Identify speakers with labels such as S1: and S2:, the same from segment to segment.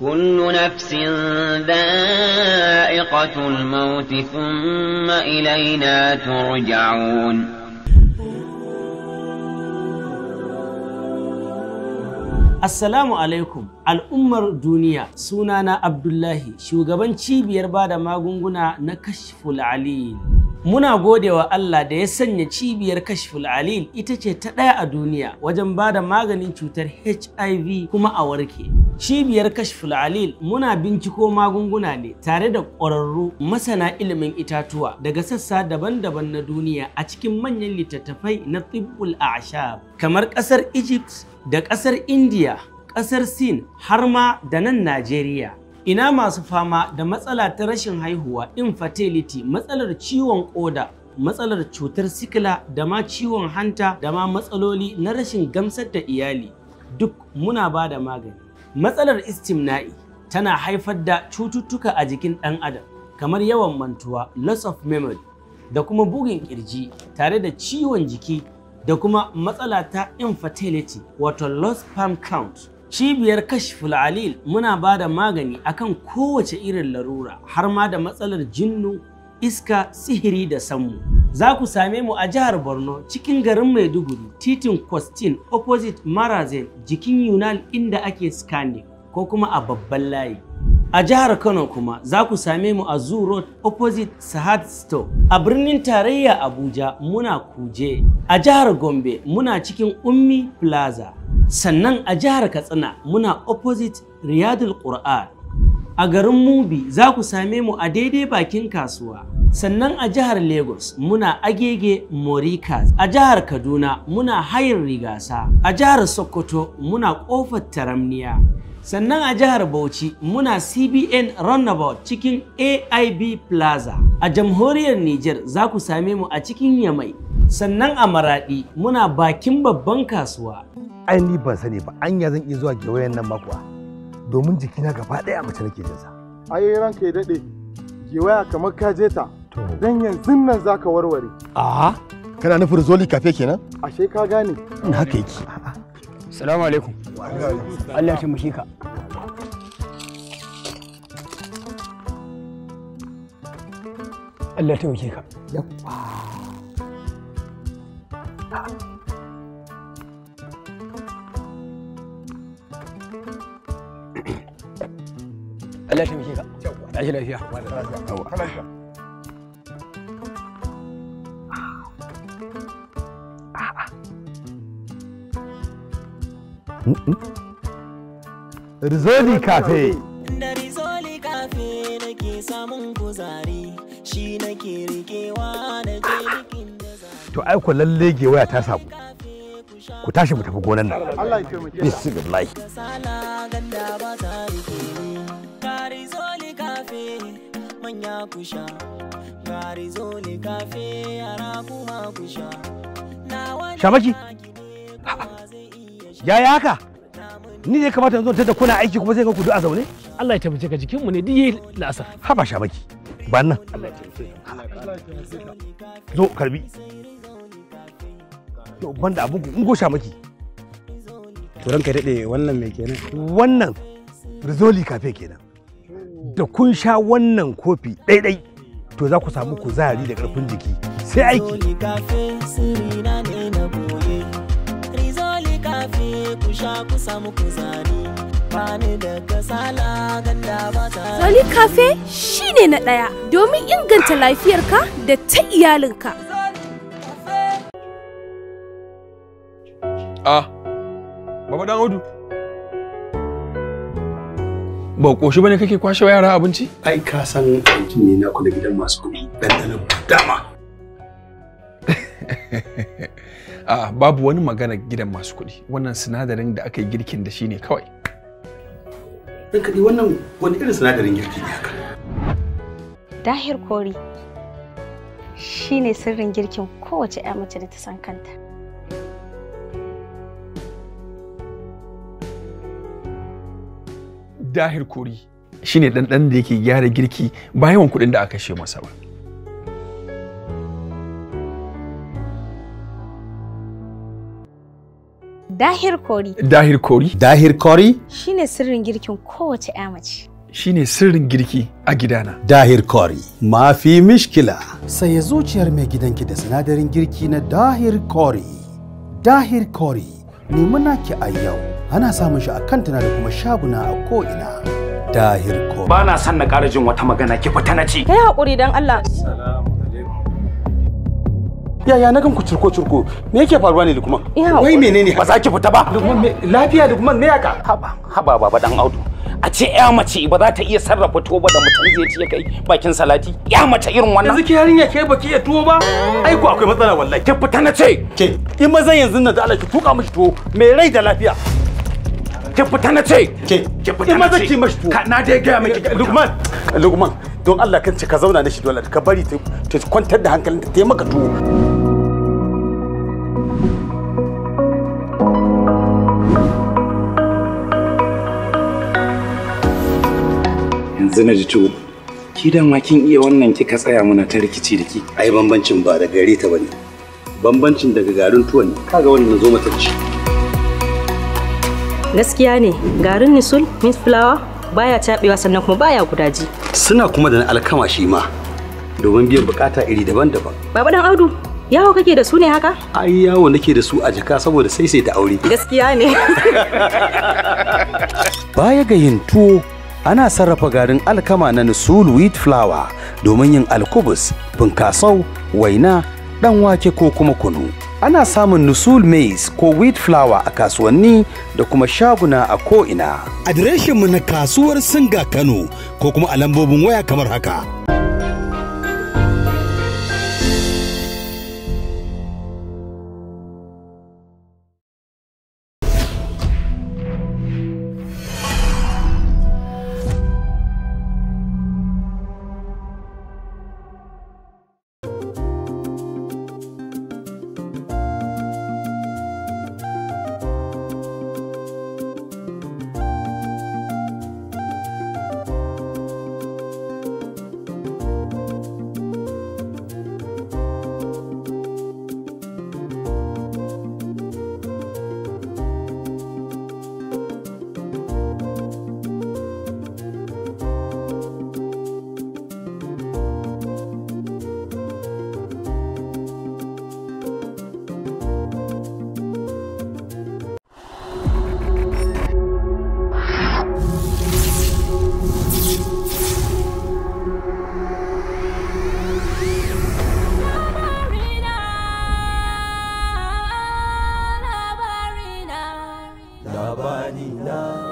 S1: كل نفس ذائقة الموت ثم إلينا ترجعون Assalamu alaikum al'ummar duniya sunana Abdullahi shugaban cibiyar ba da magunguna na kashiful alil. Muna godewa Allah da ya sanya cibiyar kashiful alil ita ce ta ɗaya a duniya wajen ba da maganin cutar HIV kuma a warke. Cibiyar Kashful Alil muna binciko magunguna ne tare da ƙwararru masana ilimin itatuwa daga sassa daban-daban na duniya a cikin manyan littattafai na tibbul ashab kamar ƙasar Egypt da ƙasar India, ƙasar Sin har ma da nan Najeriya. Ina masu fama da matsala ta rashin haihuwa infertility matsalar ciwon ƙoda matsalar cutar sikila da ma ciwon hanta da ma matsaloli na rashin gamsar da iyali duk muna ba da magani. matsalar istimna'i tana haifar da cututtuka a jikin ɗan adam kamar yawan mantuwa loss of memory da kuma bugun kirji tare da ciwon jiki da kuma matsala ta infertility wato loss palm count cibiyar kashful alil muna ba da magani akan kowace irin larura har ma da matsalar jinnu iska sihiri da sammu. Za ku same mu a jihar Borno cikin garin Maiduguri titin Kwastin opposite Marazen jikin Yunal inda ake skani ko kuma a babban layi. A jihar Kano kuma za ku same mu a Zoo Road opposite Sahad Store. A birnin tarayya Abuja muna Kuje. A jihar Gombe muna cikin Ummi Plaza. Sannan a jihar Katsina muna opposite Riyadul Qur'an. a garin Mubi za ku same mu a daidai bakin kasuwa. Sannan a jihar Lagos muna Agege Morikas, a jihar Kaduna muna Hayin Rigasa, a jihar Sokoto muna Ƙofar Taramniya. Sannan a jihar Bauchi muna CBN Runabout cikin AIB Plaza. A jamhuriyar Nijar za ku same mu a cikin Yamai. Sannan a Maraɗi muna bakin babban kasuwa. Ai
S2: ni ban sani ba, anya zan iya zuwa nan makuwa. domin jikina gaba ɗaya mace nake jin sa Ayi ran kai dade gewaya kamar ka je ta dan yanzu nan zaka warware a kana nufin zoli kafe kenan ashe ka gane haka yake assalamu alaikum Allah ya taimake ka
S3: Allah ta taimake ka. Yawwa. Allah ya
S2: Rizoli Cafe.
S1: nake samun kuzari shi nake rikewa na je
S2: To aiko lalle ge waya ta samu. Ku tashi mu tafi gonan nan. Allah ya
S4: manya ku sha gari
S5: ne kafe yara kuma ku sha
S6: shamaki yaya haka ni ne kamata yanzu da kuna aiki kuma zai ga ku duk a zaune Allah ya tabbace ka jikinmu ne diye la'asar haba shamaki ba nan zo karbi to banda abu in go
S2: shamaki to ranka dade wannan me kenan wannan rizoli kafe kenan da kun sha wannan kofi ɗaiɗai to za ku samu kuzari da ƙarfin jiki
S1: sai aiki
S7: Zoli Cafe shi ne na ɗaya domin inganta lafiyarka da ta iyalinka.
S8: Ah, Baba Dan hudu. ba koshi bane kake kwashe wa yara abinci ai ka san aikin ne na kula gidan masu kuɗi dandanan dama ah, babu wani magana gidan masu kuɗi wannan sinadarin da aka yi girkin da shi ne kawai ɗan kaɗi wannan wani irin sinadarin girki ne haka
S7: dahir kori
S9: shine sirrin girkin kowace 'ya mace da ta san kanta
S8: dahir kori shine ɗanɗan da yake gyara girki ba yawan kuɗin da aka she masa ba
S7: Dahir kori.
S2: Dahir kori. Dahir kori.
S7: Shine sirrin girkin kowace ya mace.
S2: Shine sirrin girki a gidana. Dahir kori. Mafi mishkila. Saye zuciyar mai gidanki da sinadarin girki na dahir kori. Dahir
S10: kori. Nemi ki a
S2: yau. ana samun shi a tana da kuma shaguna a ko'ina
S10: da hirko.
S6: ba na son na ƙara jin wata magana ki fita na ci
S10: kai haƙuri don Allah
S2: yaya na gan ku curko curko me yake faruwa ne lukman wai menene ba za ki fita ba lukman lafiya lukman me yaka haba haba baba dan audu a ce ya
S6: mace ba za ta iya sarrafa tuwo ba da mutum zai ci ya kai bakin salati ya mace irin wannan yanzu ke yarinya ke baki ya tuwo ba ai ko akwai matsala wallahi ki fita na ce ke in zan yanzu na da Allah ki tuka
S2: mishi tuwo mai rai da lafiya ki fita na ce ki fita na ce tuwo na dai gaya miki lukman lukman don Allah kan ce ka zauna da shi dole ka bari ta
S6: kwantar da hankalin ta taimaka maka tuwo
S11: yanzu na ji tuwo ki da ma kin iya wannan kika tsaya muna ta rikici da
S2: ki ai bambancin ba da gare ta bane bambancin daga garin tuwo ne kaga wannan zo mata
S9: ci gaskiya ne garin nisul mint flower baya cabewa sannan kuma baya gudaji
S2: suna kuma da alkama shi ma domin biyan bukata iri daban-daban
S10: baba dan audu yawo kake da su ne haka?
S2: Ai yawo nake da su a jaka saboda sai sai da aure.
S12: Gaskiya ne.
S2: Baya ga yin tuwo ana sarrafa garin alkama na nusul wheat flour domin yin alkubus, bunkasau, waina ɗan wake ko kuma kunu. Ana samun nusul maize ko wheat flour a kasuwanni da kuma shaguna a ko'ina. mu na kasuwar Singa Kano ko kuma a lambobin waya kamar haka. 你呢？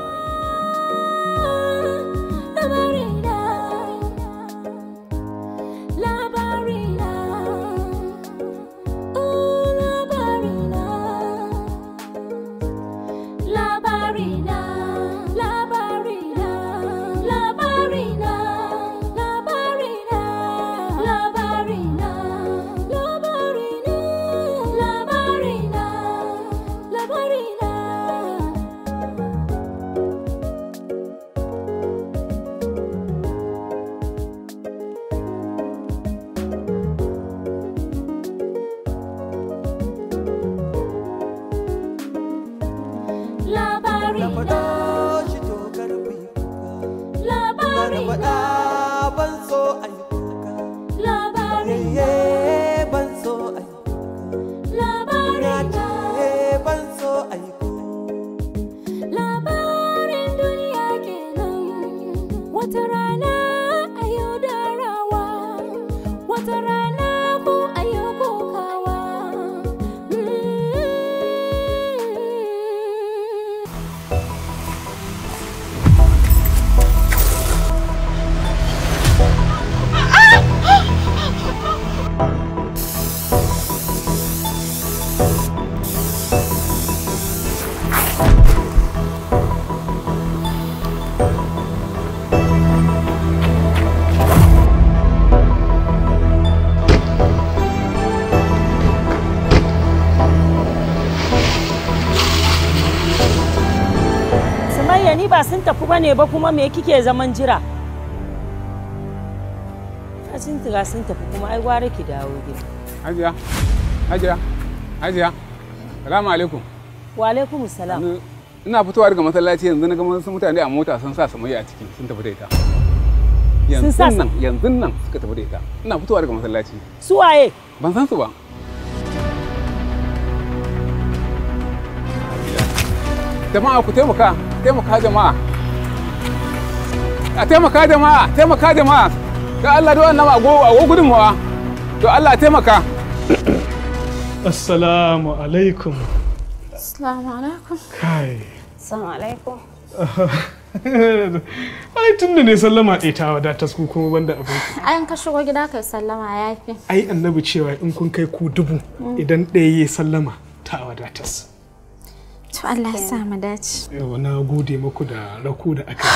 S1: ba sun tafi bane ba kuma me kike zaman jira
S9: ta sun tiga sun tafi kuma ai gwara ki dawo gida
S13: hajiya hajiya hajiya salamu alaikum
S9: wa alaikum salam
S13: ina fitowa daga masallaci yanzu na ga wasu mutane a mota sun sa samayya a ciki
S14: sun tafi da ita yanzu nan yanzu nan suka tafi da ita ina fitowa daga masallaci su waye ban san su ba
S13: jama'a ku taimaka taimaka jama'a a taimaka jama'a taimaka jama'a don Allah don annaba agogo wa to Allah taimaka assalamu alaikum
S9: assalamu alaikum kai assalamu alaikum
S13: ai tun da ne sallama ɗaya ta wadatar ku kuma banda abin
S9: ai in ka shigo gida kai sallama ya fi ai
S13: annabi cewa in kun kai ku dubu mm. idan ɗaya ya sallama ta wadatas.
S9: To Allah ya sa mu dace.
S13: Yawa na gode muku da raku da aka.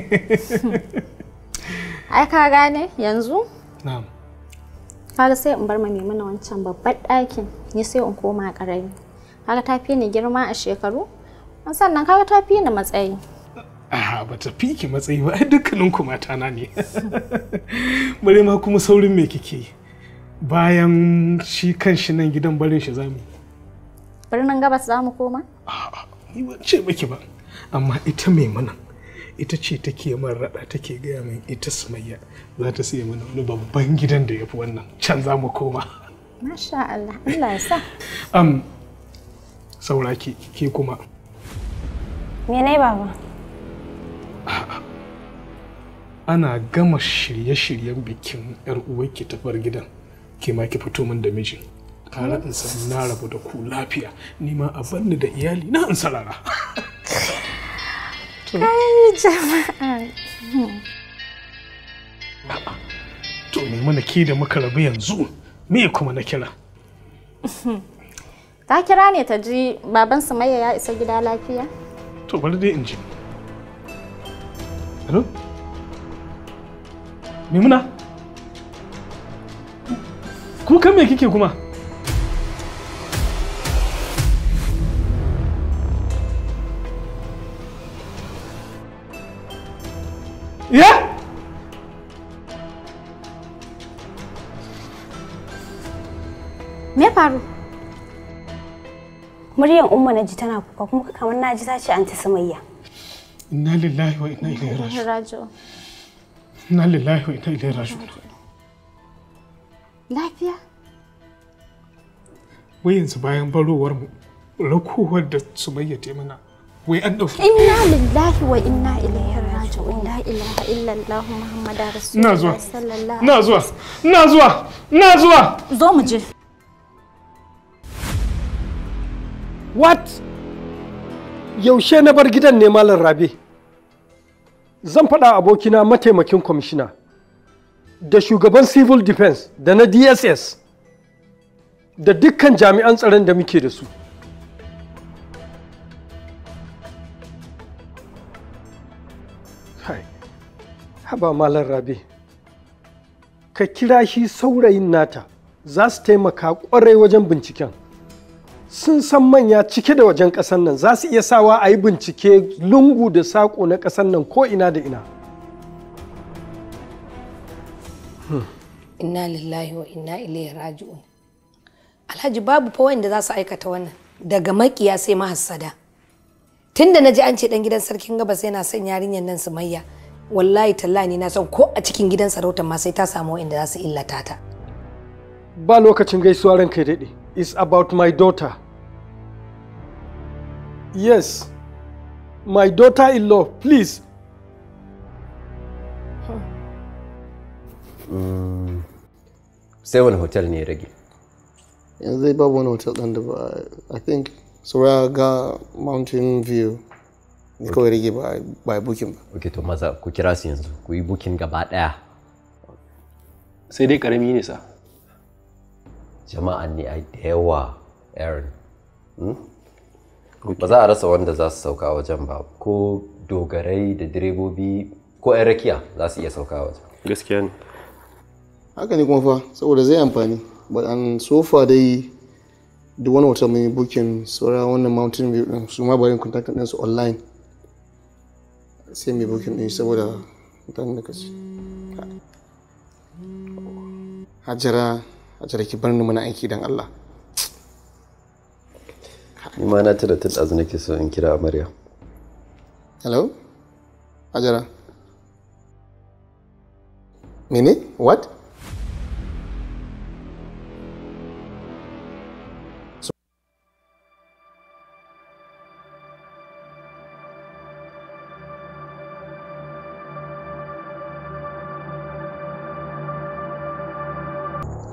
S9: Ai ka gane yanzu? Na'am. Kaga sai in bar ma Maimuna wancan babban ɗakin ni sai in koma ƙarami. Kaga ta fi ni girma a shekaru? Sannan kaga ta fi ni matsayi.
S13: Aha ba ta fi ki matsayi ba ai dukkanin ku mata na ne. Bare ma kuma saurin me kike yi? Bayan shi kan shi nan gidan barin shi zamu yi.
S15: birnin gabas za mu koma?
S13: Ni ban ce miki ba, amma ita mai mana ita ce take man rada take gaya min ita sumayya za ta siya mana wani babban gidan da ya fi wannan can za mu koma.
S9: Masha Allah, Allah ya sa.
S13: Am, saura ke, kuma.
S16: Me ne baba?
S13: Ana gama shirye-shiryen bikin 'yar ki ta gidan, ke ma ki fito min da miji. kara in san na rabu da ku lafiya ni ma a banni da iyali na in sarara
S7: ai jama'a
S13: to me mana ke da muka rabu yanzu me kuma na kira
S15: ta kira ne ta ji baban sumayya ya isa gida lafiya
S13: to bari dai in ji hello mimuna kukan me kike kuma
S11: Yeah?
S9: Me faru? Muryar Umma na ji tana kuka kuma kamar na ji ta ce anti Sumayya.
S13: Inna lillahi wa inna ilaihi raji'un. Inna lillahi wa inna ilaihi raji'un. Lafiya? Wai yanzu bayan barowar mu rakuwar da Sumayya ta mana wai an dauki.
S9: Inna lillahi wa inna ilaihi ashhadu an ina zuwa
S13: ina zuwa ina zuwa zo mu je what
S3: yaushe na bar gidan ne malam rabe zan faɗa abokina mataimakin kwamishina da shugaban civil defense da na dss da dukkan jami'an tsaron da muke da su haba malar rabe ka kira shi saurayin nata za su taimaka kwarai wajen binciken sun san manya cike da wajen ƙasan nan za su iya sawa a yi bincike lungu da saƙo na ƙasan nan ko ina da ina
S15: hmm.
S16: inna lillahi wa inna ilaihi raji'un alhaji babu fa wanda za su aikata wannan daga makiya sai mahassada da na ji an ce dan gidan sarkin gabas yana son yarinyar nan su mayya. wallahi talla ne na san ko a cikin gidan sarautar ma sai ta samu inda za su illata ta
S3: ba lokacin gaisuwa ranka daɗe it's about my daughter yes my daughter-in-law please
S17: sai wani hotel ne rage
S18: yanzu babu wani hotel ɗin da ba i think sauraya
S13: ga mountain view ne kawai rage ba ba booking ba
S17: okay to maza ku kira su yanzu ku yi bukin gaba daya sai dai karami ne sa jama'an ne ai da yawa aaron hmm? ba za a rasa wanda za su sauka wajen ba ko dogarai da direbobi ko 'yan rakiya za su iya sauka wajen gaskiya ne haka ne kuma fa saboda zai
S13: amfani but an sofa dai duk wani wata mai bukin saura wannan mountain view din su ma bayan contact din su online sai mai bukin ɗin saboda dan da kaci hajara hajara ki bar mana aiki don Allah
S17: ni ma na tada tun ɗazu nake so in kira amarya
S19: hello hajara mene what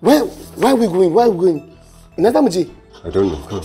S13: Why, why are we going? Why are we going? Ina za mu je?
S17: I don't know.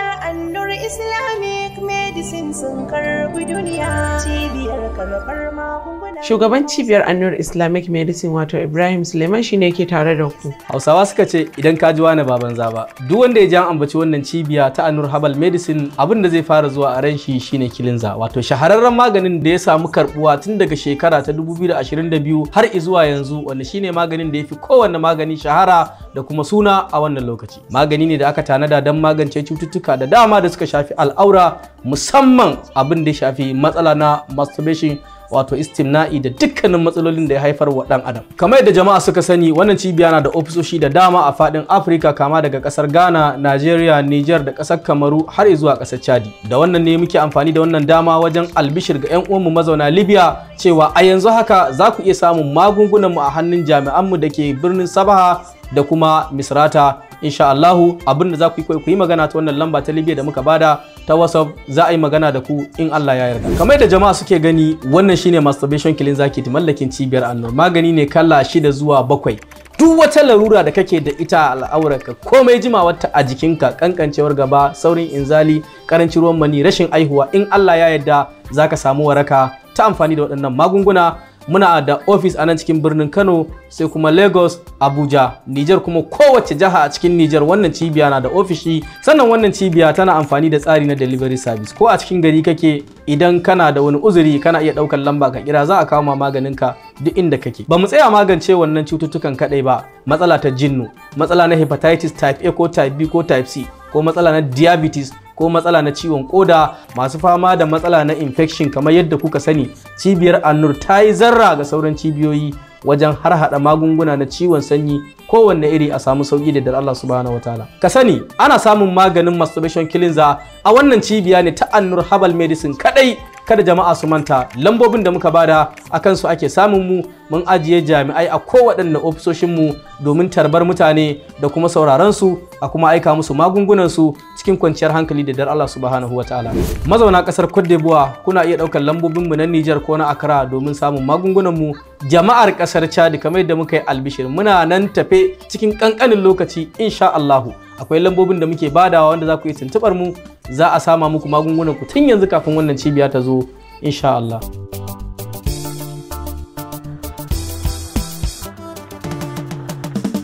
S10: cibiyar annur islamic medicine sun karbi duniya cibiyar
S7: karbar magunguna
S5: shugaban cibiyar annur islamic medicine wato ibrahim suleiman shine ke tare da ku hausawa suka ce idan ka ji wani baban zaba duk wanda ya ji an ambaci wannan cibiya ta annur herbal medicine abin da zai fara zuwa a ran shi shine kilinza wato shahararren maganin da ya samu karbuwa tun daga shekara ta 2022 har izuwa yanzu wanda shine maganin da ya fi kowanne magani shahara da kuma suna a wannan lokaci magani ne da aka tanada don magance cututtuka cututtuka da dama da suka shafi al'aura musamman abin da ya shafi matsala na masturbation wato istimna'i da dukkanin matsalolin da ya haifar wa dan adam kamar yadda jama'a suka sani wannan cibiya na da ofisoshi da dama a fadin afirka kama daga kasar ghana nigeria niger da kasar kamaru har zuwa kasar chadi da wannan ne muke amfani da wannan dama wajen albishir ga yan uwanmu mazauna libya cewa a yanzu haka za ku iya samun magungunanmu a hannun jami'anmu da ke birnin sabaha da kuma misrata insha Allahu abin da za ku yi ku yi magana ta wannan lamba ta Libya da muka bada ta WhatsApp za a yi magana da ku in Allah ya yarda kamar da jama'a suke gani wannan shine masturbation killing zaki ta mallakin cibiyar Allah magani ne kala shida zuwa bakwai duk wata larura da kake da ita a al'aurarka komai jimawarta a jikinka kankancewar gaba saurin inzali karancin ruwan mani rashin aihuwa in Allah ya yarda zaka samu waraka ta amfani da waɗannan magunguna muna da ofis a nan cikin birnin kano sai kuma lagos abuja niger kuma kowace jiha a cikin niger wannan cibiya na da ofishi sannan wannan cibiya tana amfani da tsari na delivery service ko a cikin gari kake idan kana da wani uzuri kana iya ɗaukar lamba ka kira za a kawo ma maganinka duk inda kake ba mu tsaya magance wannan cututtukan kadai ba matsala ta jinnu matsala na hepatitis type A ko type B ko type C ko matsala na diabetes ko matsala na ciwon koda masu fama da matsala na infection kamar yadda kuka sani cibiyar annur ta yi zarra ga sauran cibiyoyi wajen har hada magunguna na ciwon sanyi kowanne iri a samu sauki da Allah subhanahu wataala ka sani ana samun maganin masturbation cleanser a wannan cibiya ne ta annur herbal medicine kaɗai. kada jama'a su manta lambobin da muka bada kan su ake samun mu mun ajiye jami'ai a kowaɗanne ofisoshin mu domin tarbar mutane da kuma sauraron su a kuma aika musu magungunan su cikin kwanciyar hankali da dar Allah subhanahu ta'ala mazauna ƙasar Cote d'Ivoire kuna iya ɗaukar lambobin mu na Niger ko na Accra domin samun magungunan mu jama'ar ƙasar Chad kamar yadda muka yi albishir muna nan tafe cikin ƙanƙanin lokaci insha Allahu akwai lambobin da muke badawa wanda za ku yi tuntubar mu za a sama muku magungunan ku tun yanzu kafin wannan cibiya ta zo insha Allah.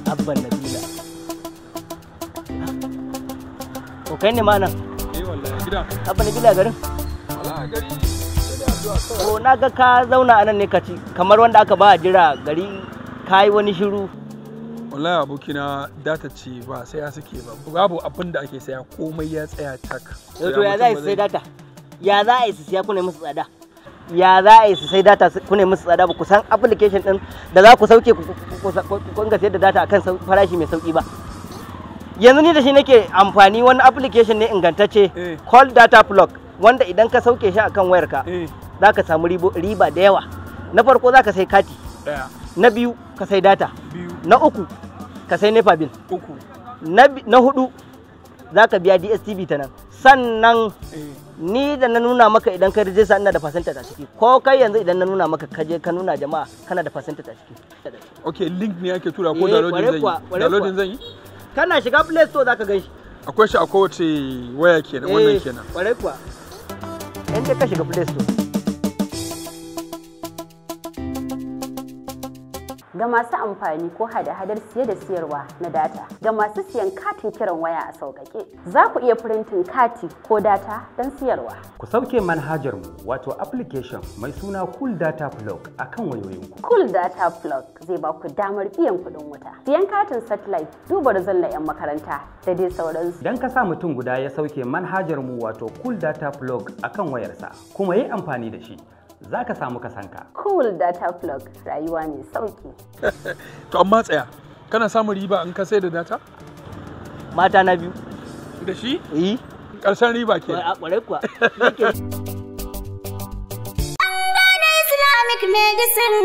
S4: Abban Nabila. Ko kai ne mana? Eh wallahi gida. Abban Nabila garin? Wallahi gari. na ga ka zauna anan ne ka ci kamar wanda aka ba jira gari ka wani shiru.
S8: wallahi abokina data ce ba sai ya suke ba babu abin da ake saya komai ya tsaya
S4: tak to ya za a sai data ya za a yi su siya kuna musu tsada ya za a yi su sai data kuna musu tsada ba ku san application din da za ku sauke ku ga sayar da data akan farashi mai sauki ba yanzu ni da shi nake amfani wani application ne ingantacce eh. call data plug wanda idan ka sauke shi akan wayarka eh. za ka samu riba da yawa na farko za ka sai kati na biyu ka sai data na uku ka sai nepa bill na hudu za ka biya dstv ta nan sannan eh. ni da na nuna maka idan ka rijista ina da percentage a ciki ko kai yanzu idan na nuna maka ka je ka nuna jama'a kana da percentage a ciki
S8: ok link ne yake tura ko eh, downloading zan yi
S4: kana shiga play store zaka gan shi
S8: akwai shi a kowace waya
S4: kenan wannan eh, kenan kwarai kuwa in ka shiga play store
S9: ga masu amfani ko hada-hadar siye da siyarwa na data ga masu siyan katin kiran waya a sauƙaƙe za ku iya firintin kati ko data don siyarwa
S3: ku sauke manhajar mu wato application mai suna cool data plug a kan wayoyinku
S9: cool data plug zai ba ku damar biyan kuɗin wuta siyan katin satellite duba na 'yan makaranta
S14: da dai sauransu don ka sa mutum guda ya sauke manhajarmu wato cool data plug a kan wayarsa kuma yi amfani da shi za ka
S2: samu
S6: kasanka.
S9: Cool data plug rayuwa mai sauki.
S6: to amma tsaya,
S8: kana samun riba in ka sai da data? Mata na biyu. Da shi? Yi. Eh. Ƙarshen riba ke. A ƙwarai kuwa.
S15: Islamic medicine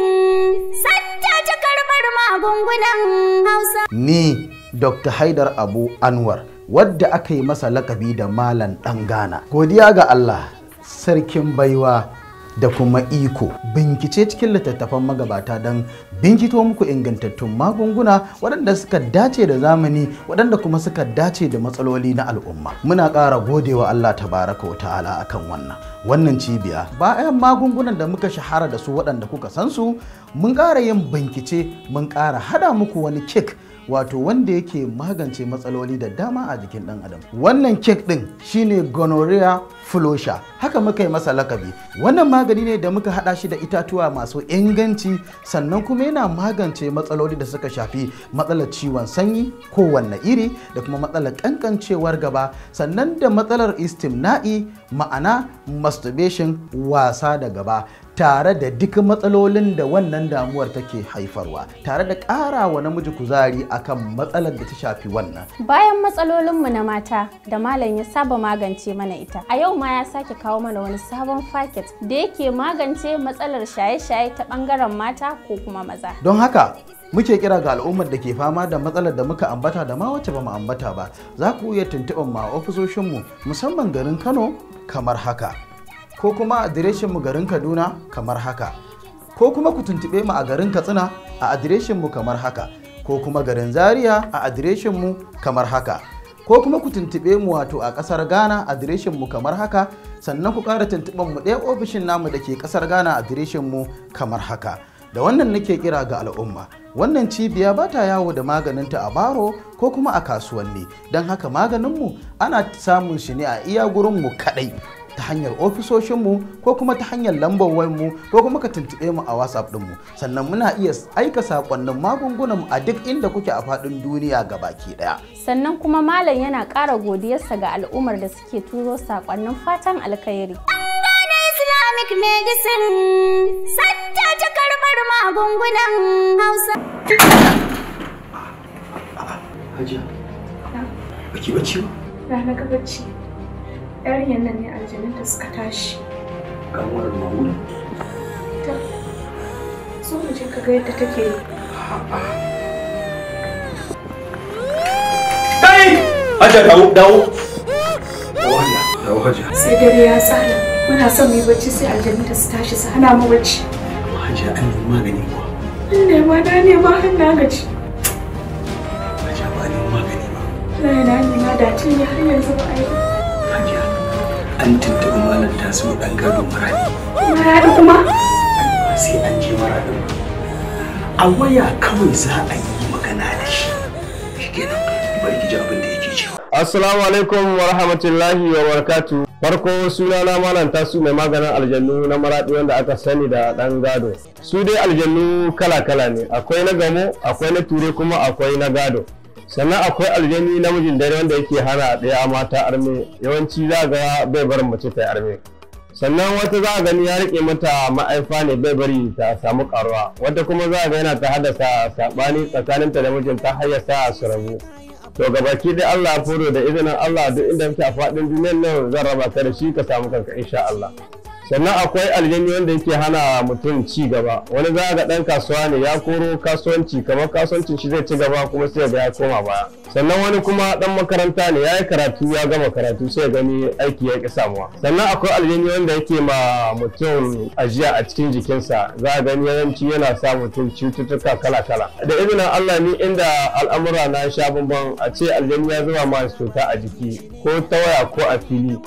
S15: sadda ta karɓar magungunan Hausa.
S19: Ni Dr. Haidar Abu Anwar wadda aka yi masa lakabi da Malam ɗan Ghana. Godiya ga Allah, sarkin baiwa da kuma iko bincike cikin littattafan magabata don binkito muku ingantattun magunguna waɗanda suka dace da zamani waɗanda kuma suka dace da matsaloli na al'umma muna ƙara godewa Allah tabaraka wa ta'ala akan wannan wannan cibiya bayan magungunan da muka shahara da su waɗanda kuka san su mun ƙara yin bincike mun ƙara hada muku wani kek wato wanda yake magance matsaloli da dama a jikin ɗan adam wannan kek din shine gonorrhea flosha haka muka yi masa lakabi wannan magani ne da muka haɗa shi da itatuwa masu inganci sannan kuma yana magance matsaloli da suka shafi matsalar ciwon sanyi kowanne iri da kuma matsalar kankancewar gaba sannan da matsalar istimna'i ma'ana masturbation wasa da gaba tare da duk matsalolin da wannan damuwar take haifarwa tare da ƙara wa namiji kuzari akan matsalar da ta shafi wannan.
S9: Bayan matsalolinmu na mata da malam ya saba magance mana ita, a yau ma ya sake kawo mana wani sabon faket da yake magance matsalar shaye-shaye ta ɓangaren mata ko kuma maza.
S19: Don haka muke kira ga al'ummar da ke fama da matsalar da muka ambata da ma wacce ba mu ambata ba za ku iya tuntuɓar ma ofisoshinmu musamman garin Kano kamar haka. ko kuma mu garin kaduna kamar haka ko kuma ku tuntuɓe mu a garin katsina a adireshin mu kamar haka ko kuma garin zaria a adireshin mu kamar haka ko kuma ku tuntuɓe mu wato a ƙasar ghana adireshin mu kamar haka sannan ku ƙara tuntuɓen mu ɗaya ofishin namu da ke ƙasar ghana adireshin mu kamar haka da wannan nake kira ga al'umma wannan cibiya ba ta yawo da maganinta a baro ko kuma a kasuwanni don haka maganinmu ana samun shi ne a iya gurinmu kaɗai ta hanyar ofisoshinmu ko kuma ta hanyar lambar mu ko kuma ka tuntube mu a whatsapp ɗinmu sannan muna iya aika sakonnin magungunan mu a duk inda kuke a faɗin duniya ga baki ɗaya.
S9: sannan kuma malam yana ƙara godiyarsa ga al'ummar da suke turo sakonnin fatan alkhairi.
S15: Islamic Medicine sadda ta karɓar magungunan Hausa.
S2: bacci
S7: ba? na ka bacci. yarinyar nan ne aljanun da suka tashi
S2: kanwar mamul
S7: ta so mu je ka ga yadda take yi kai
S11: aja dawo dawo
S2: dawo hajiya
S7: sai dare ya tsara muna son mu yi bacci sai aljanun da su tashi su hana mu bacci
S2: hajiya an yi magani kuwa
S7: an nema na nema har na gaji hajiya ba neman magani ba na yana nema da ce ne har yanzu ba a yi
S2: an tuntuɓi malam ta su ɗan gado maradi.
S7: Maradi kuma?
S18: Sai an je maradin. A waya kawai za a yi magana da shi.
S2: Shikenan bari ki ji abin da yake
S18: cewa. Assalamu alaikum wa rahmatullahi wa barakatu. Farko suna na malam ta su mai maganin aljannu na maradi wanda aka sani da ɗan gado. Su dai aljannu kala-kala ne, akwai na gamo, akwai na ture kuma akwai na gado. sannan akwai aljani namijin dare wanda yake hana ɗaya mata arme yawanci za ga bai barin mace ta arme sannan wata za gani ya rike mata ma'aifa ne bai bari ta samu karuwa wata kuma za ga yana ta haddasa saɓani tsakaninta da mijinta har ya sa su rabu to gabaki dai Allah foro da izinin Allah duk inda kake a faɗin duniyar nan zan raba ka da shi ka samu kanka insha Allah sannan akwai aljanni wanda yake hana mutum ci gaba wani za ga dan kasuwa ne ya koro kasuwanci kamar kasuwancin shi zai ci gaba kuma sai ga ya koma baya sannan wani kuma dan makaranta ne ya yi karatu ya gama karatu sai gani aiki ya ƙi samuwa sannan akwai aljanni wanda yake ma mutum ajiya a cikin jikinsa za gani yawanci yana sa mutum cututtuka kala kala da izinin Allah ni inda al'amura na sha bambam a ce aljanni ya zama ma cuta a jiki ko ta waya ko a fili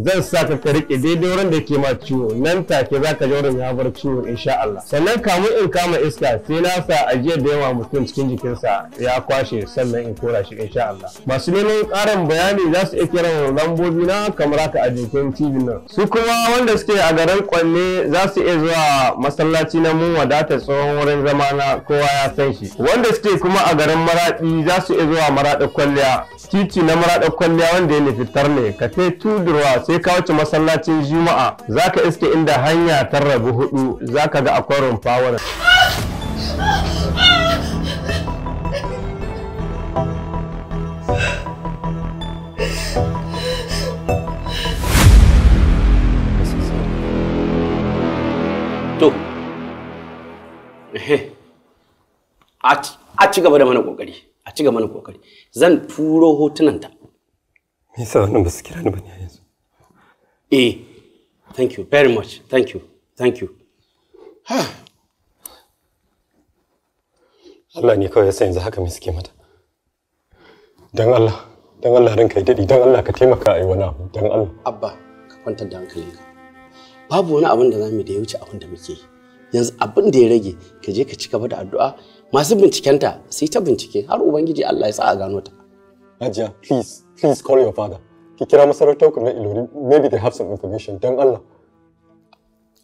S18: zan sa ka ka rike daidai wurin da ke ma ciwo nan take za ka jawo ya bar ciwo insha Allah sannan kamun in kama iska sai na sa ajiyar da yawa mutum cikin jikinsa ya kwashe sannan in kora shi insha Allah masu neman ƙarin bayani za su iya kiran lambobi na kamar haka a jikin TV nan su kuma wanda suke a garin Kwanne za su iya zuwa masallaci na mun wadata tsohon wurin zama na kowa ya san shi wanda suke kuma a garin Maraɗi za su iya zuwa Maradi kwalliya titi na maraɗar kwalliya wanda ya nufi ne ka kai tudurwa sai ka wuce masallacin juma'a zaka iske inda hanya ta rabu hudu zaka ga akwai rumfa wurin
S11: To, a ci gaba da mana ƙoƙari. a ci gaba da kokari zan turo hotunanta me
S17: yasa wannan ba su kira ni ba ne yanzu
S11: eh thank you very much thank you thank you
S17: Allah ne kawai yasa yanzu haka mai suke mata dan Allah dan Allah ranka ya dadi dan Allah ka taimaka ai wani abu
S11: dan Allah abba ka kwantar da hankalinka babu wani abin da zamu da ya wuce abin da muke yanzu abin da ya rage ka je ka ci gaba da addu'a masu bincikenta su yi ta bincike har ubangiji Allah ya sa a gano ta Hajiya please please call your father ki kira masarautar ku na Ilori maybe they have some information don Allah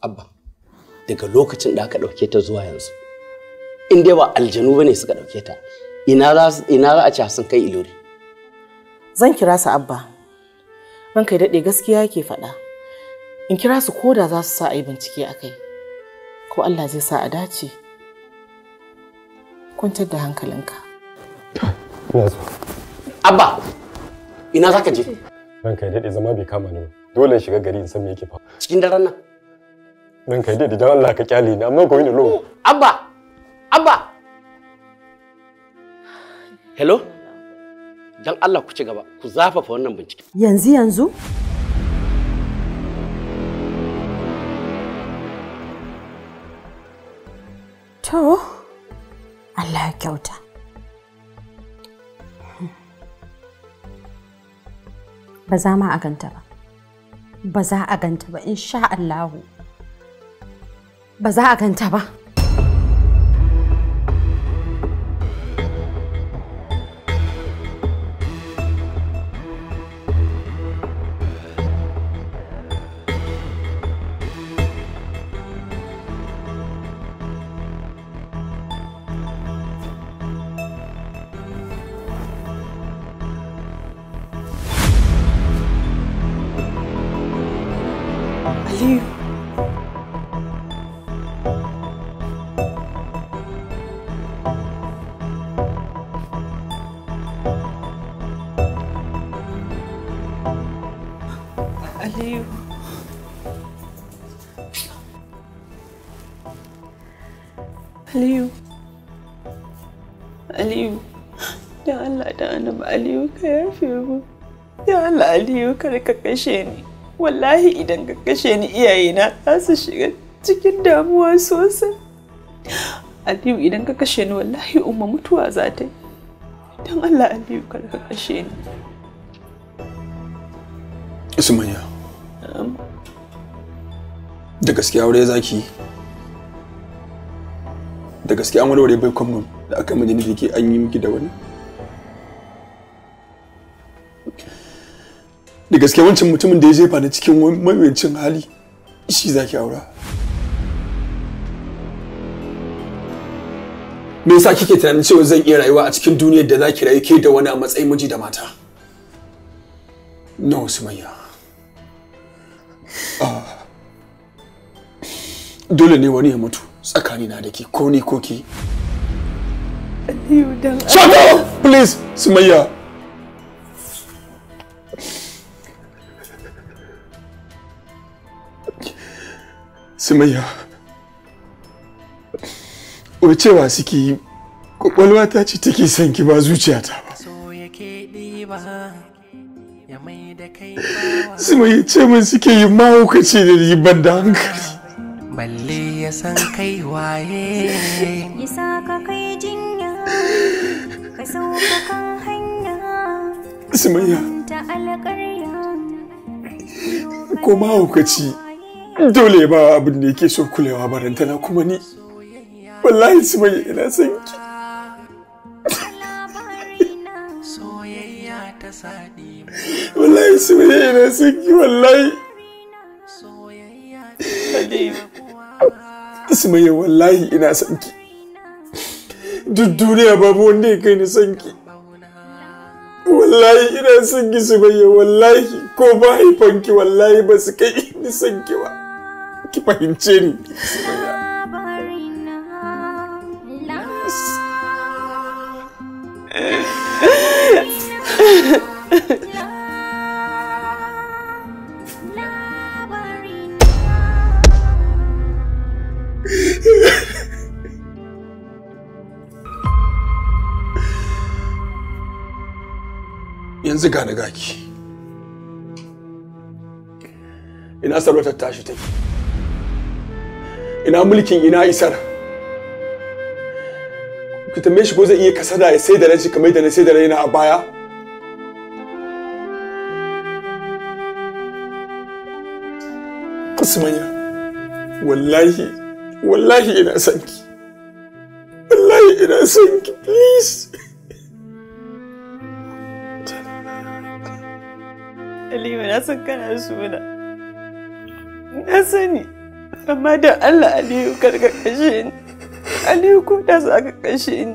S11: Abba daga lokacin da aka dauke ta zuwa yanzu in dai ba aljanu bane suka dauke ta ina za ina za a ci sun kai Ilori
S1: Zan kira su Abba kai daɗe gaskiya yake faɗa in kira su koda za su sa a yi bincike a kai ko Allah zai sa a dace kwantar da hankalinka
S11: ina zo. abba ina ka je ranka ya daɗe zama bai kama ni ba dole shiga gari in san me yake faru cikin daren nan ranka ya daɗe don Allah ka kyale ni amma ko ni lo abba abba hello don Allah ku ci gaba ku zafafa wannan bincike
S9: yanzu yanzu to Allah ya kyauta ba za ma a ganta ba ba za a ganta ba insha Allahu ba za a ganta ba
S7: kashe ni wallahi idan ka
S1: kashe ni iyayena za su shiga
S7: cikin damuwa sosai aliyu idan ka kashe ni wallahi umma mutuwa za ta yi don allah aliyu kada ka kashe ni
S8: ismanya da gaskiya aure zaki da gaskiya an warware bai kwamun da aka da ke an yi miki da wani da gaske wancan mutumin da ya jefa ni cikin mawancin hali shi zaki aura me yasa kike tunanin cewa zan iya rayuwa a cikin duniyar da zaki rayu ke da wani a matsayin miji da mata no sumayya ah. dole ne wani ya mutu tsakani na da ke ko ni ko ki Shut up! Please, Sumayya. Sumayya. Wai cewa suke yi kwakwalwa ta ce take son ki ba zuciyata ba. Sumayya ce min suke yi mahaukaci da ni ban da hankali.
S11: Balle ya san
S8: kai waye.
S14: Isa ka kai jinya, ka
S7: sauka kan hanya.
S8: Sumayya. Ko mahaukaci. dole ba abin da yake so kulewa barantana kuma ni wallahi su mai ina son ki wallahi su mai ina son ki wallahi su mai wallahi ina son ki duk duniya babu wanda ya kai ni son ki wallahi ina son ki su mai wallahi ko ba haifanki wallahi ba su kai ni son ki ba ki fahimce ni yanzu gane gaki ina sarautar tashi take ina mulkin ina isar ku tambaye shi ko zai iya kasada ya sai da rashi kamar da na sai da raina a baya Usmanya wallahi wallahi ina son ki
S15: wallahi ina son ki please aliyu na san
S8: kana suna na sani amma da Allah Aliyu kar ka kashe ni Aliyu ko da za ka kashe ni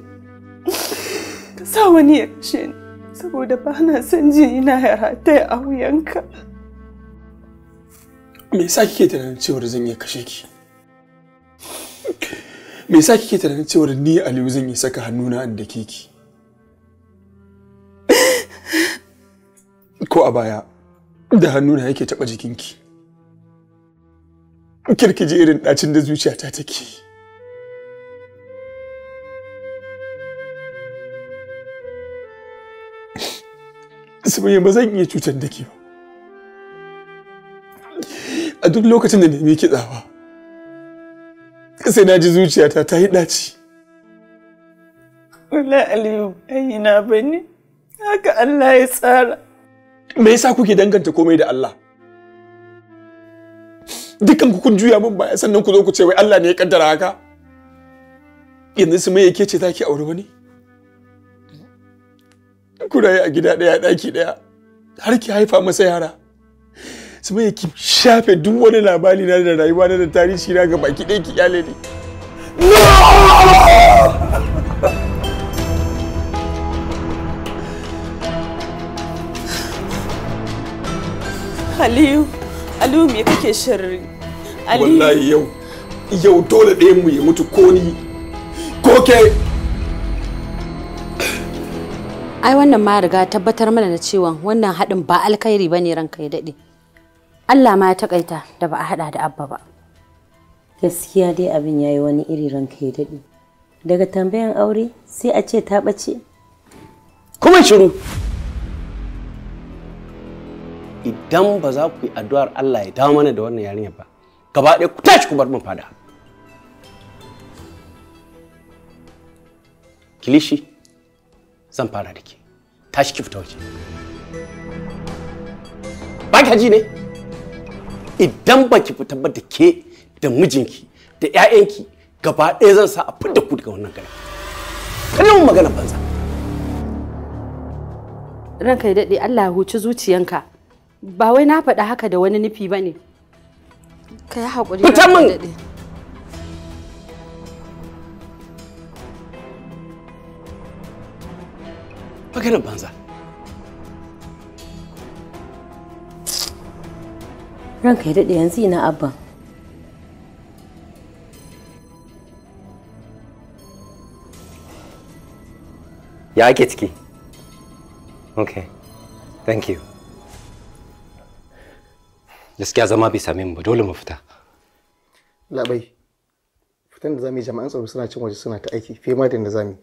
S3: ka sa wani ya kashe ni saboda ba na san jini na ya rataya a wuyanka
S8: me yasa kike tunanin cewar zan iya kashe ki me yasa kike tunanin cewar ni Aliyu zan iya saka hannuna inda ke ki ko a baya da hannuna yake taba jikinki kirkiji irin ɗacin da zuciyata take saboda ba zan iya cutar da ke ba a duk lokacin da nemi kitsawa sai na ji zuciyata ta yi ɗaci Wala Aliyu bayina ba ne, haka Allah ya tsara. Me yasa kuke danganta komai da Allah? dukan ku kun juya min baya sannan ku zo ku ce wai Allah ne ya kaddara haka yanzu su mai yake ce taki auri wani ku rayu a gida daya daki daya har ki haifa masa yara su mai yake shafe duk wani labari na da rayuwa na da tarihi na ga baki ɗaya ki kyale ne
S1: Aliyu. Aliyu me kake shirin?
S8: Wallahi yau yau dole ɗayan mu ya mutu ko ni ko ke.
S9: Ai wannan ma riga tabbatar mana da cewa wannan haɗin ba alkhairi bane ranka ya daɗe. Allah ma ya takaita da ba a haɗa da Abba ba. Gaskiya dai abin yayi wani iri ranka ya daɗe. Daga tambayan aure sai a ce ta ɓace.
S11: Kuma shiru. idan ba za ku yi addu'ar Allah ya dawo mana da wannan yarinyar ba gaba ɗaya ku tashi ku bar min fada kilishi zan fara da ke tashi ki fita waje ba ki haji ne idan ba ki fita ba da ke da mijinki da 'ya'yanki gaba ɗaya zan sa a fidda ku daga wannan gari kada mun magana banza
S9: ranka ya daɗe Allah ya huci zuciyanka ba wai na faɗa haka da wani nufi ba ne ka yi haƙuri fita min maganin banza ranka ya daɗe yanzu ina abba.
S17: ya ake ciki okay thank you gaskiya zama bai same mu ba dole mu fita
S20: labai fitan da zamu yi jama'an tsaro suna cin waje suna ta aiki fiye ma da zamu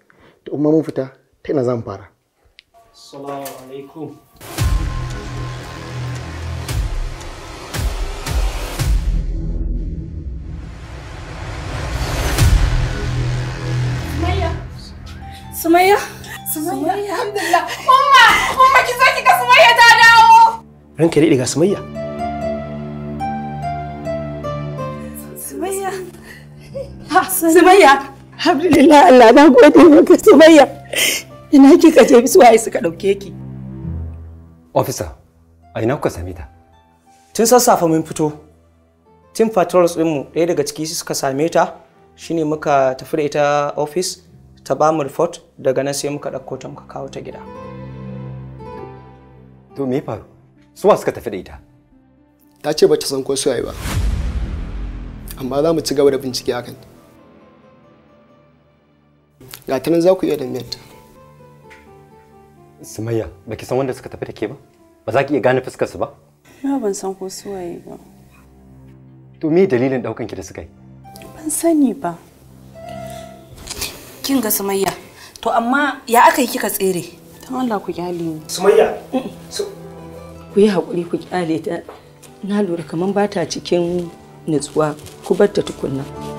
S20: da umma mun fita ta ina zamu fara
S14: assalamu alaikum
S10: Sumayya? Sumayya?
S15: Alhamdulillah. Umma, umma ki zo ki ga Sumayya ta dawo.
S2: Ranka dai ga Sumayya.
S10: Sumayya. Alhamdulillah Allah
S16: na gode maka Sumayya. Ina
S17: kika je bisuwaye
S14: suka ɗauke ki.
S17: Officer, a ina kuka same ta?
S14: Tun sassafe mun fito. Tim patrols ɗinmu ɗaya daga ciki suka same ta shine muka tafi da ita office ta ba mu report daga nan sai muka ɗauko ta muka kawo ta
S5: gida.
S17: To me faru? Suwa suka tafi da ita?
S14: Ta ce bata san ko suwaye ba. Amma za mu ci gaba da bincike akan ta.
S17: ga ta nan za ku iya da ta. Sumayya, ba ki san wanda suka tafi da ke ba? Ba za ki iya gane fuskar su ba?
S12: Na
S10: ban
S7: san ko su waye ba.
S17: To me dalilin daukan ki da suka yi?
S7: Ban sani ba. Kin ga Sumayya, to amma ya aka yi kika tsere? ta Allah ku kyale ni. Sumayya,
S4: ku yi hakuri ku kyale ta. Na lura kaman ba ta cikin nutsuwa, ku bar ta tukunna.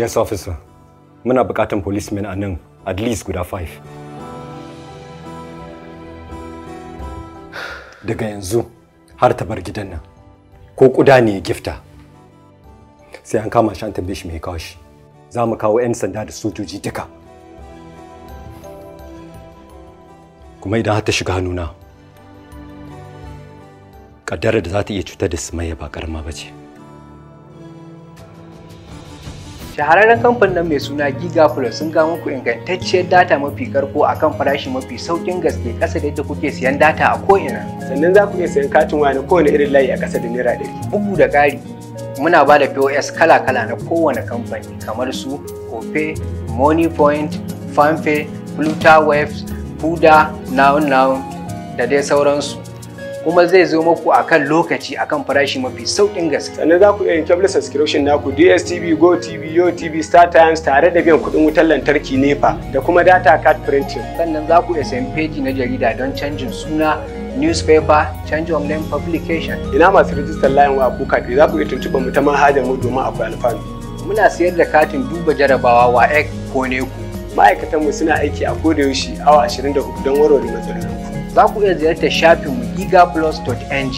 S17: Yes, officer. Muna bukatan policemen a nan at least guda five. Daga yanzu har ta bar gidan nan. Ko kuda ne ya gifta. Sai an kama shi an tambaye shi mai kawo shi. Za mu kawo 'yan sanda da sojoji duka. Kuma idan har ta shiga hannuna, kaddara da za ta iya cutar da Sumayya ba ƙarama ba
S14: shahararren kamfanin nan mai suna giga plus sun ga muku ingantacciyar data mafi karko akan farashi mafi saukin gaske kasa da yadda kuke siyan data a ko'ina sannan za ku iya siyan katin waya na kowane irin layi a kasa da naira ɗari bugu da ƙari muna ba da pos kala-kala na kowane kamfani kamar su ope Point, fanfe fluta waves huda now now da dai sauransu kuma zai zo muku akan lokaci akan farashi mafi sauƙin gaske. Sannan za ku iya yin cable subscription naku DSTV, GoTV, YoTV, Star Times tare da biyan kuɗin wutar lantarki NEPA da kuma data card printing. Sannan za ku iya sayan feji na jarida don canjin suna newspaper, change of name publication. Ina masu rijistar layin wa ko kaɗi za ku iya tuntuɓa mu ta manhajar mu domin akwai alfanu. Muna sayar da katin duba jarabawa wa ek ko neku. Ma'aikatanmu suna aiki a kodayaushe awa 24 don warware matsalolin za ku iya ziyartar shafinmu gigaplus.ng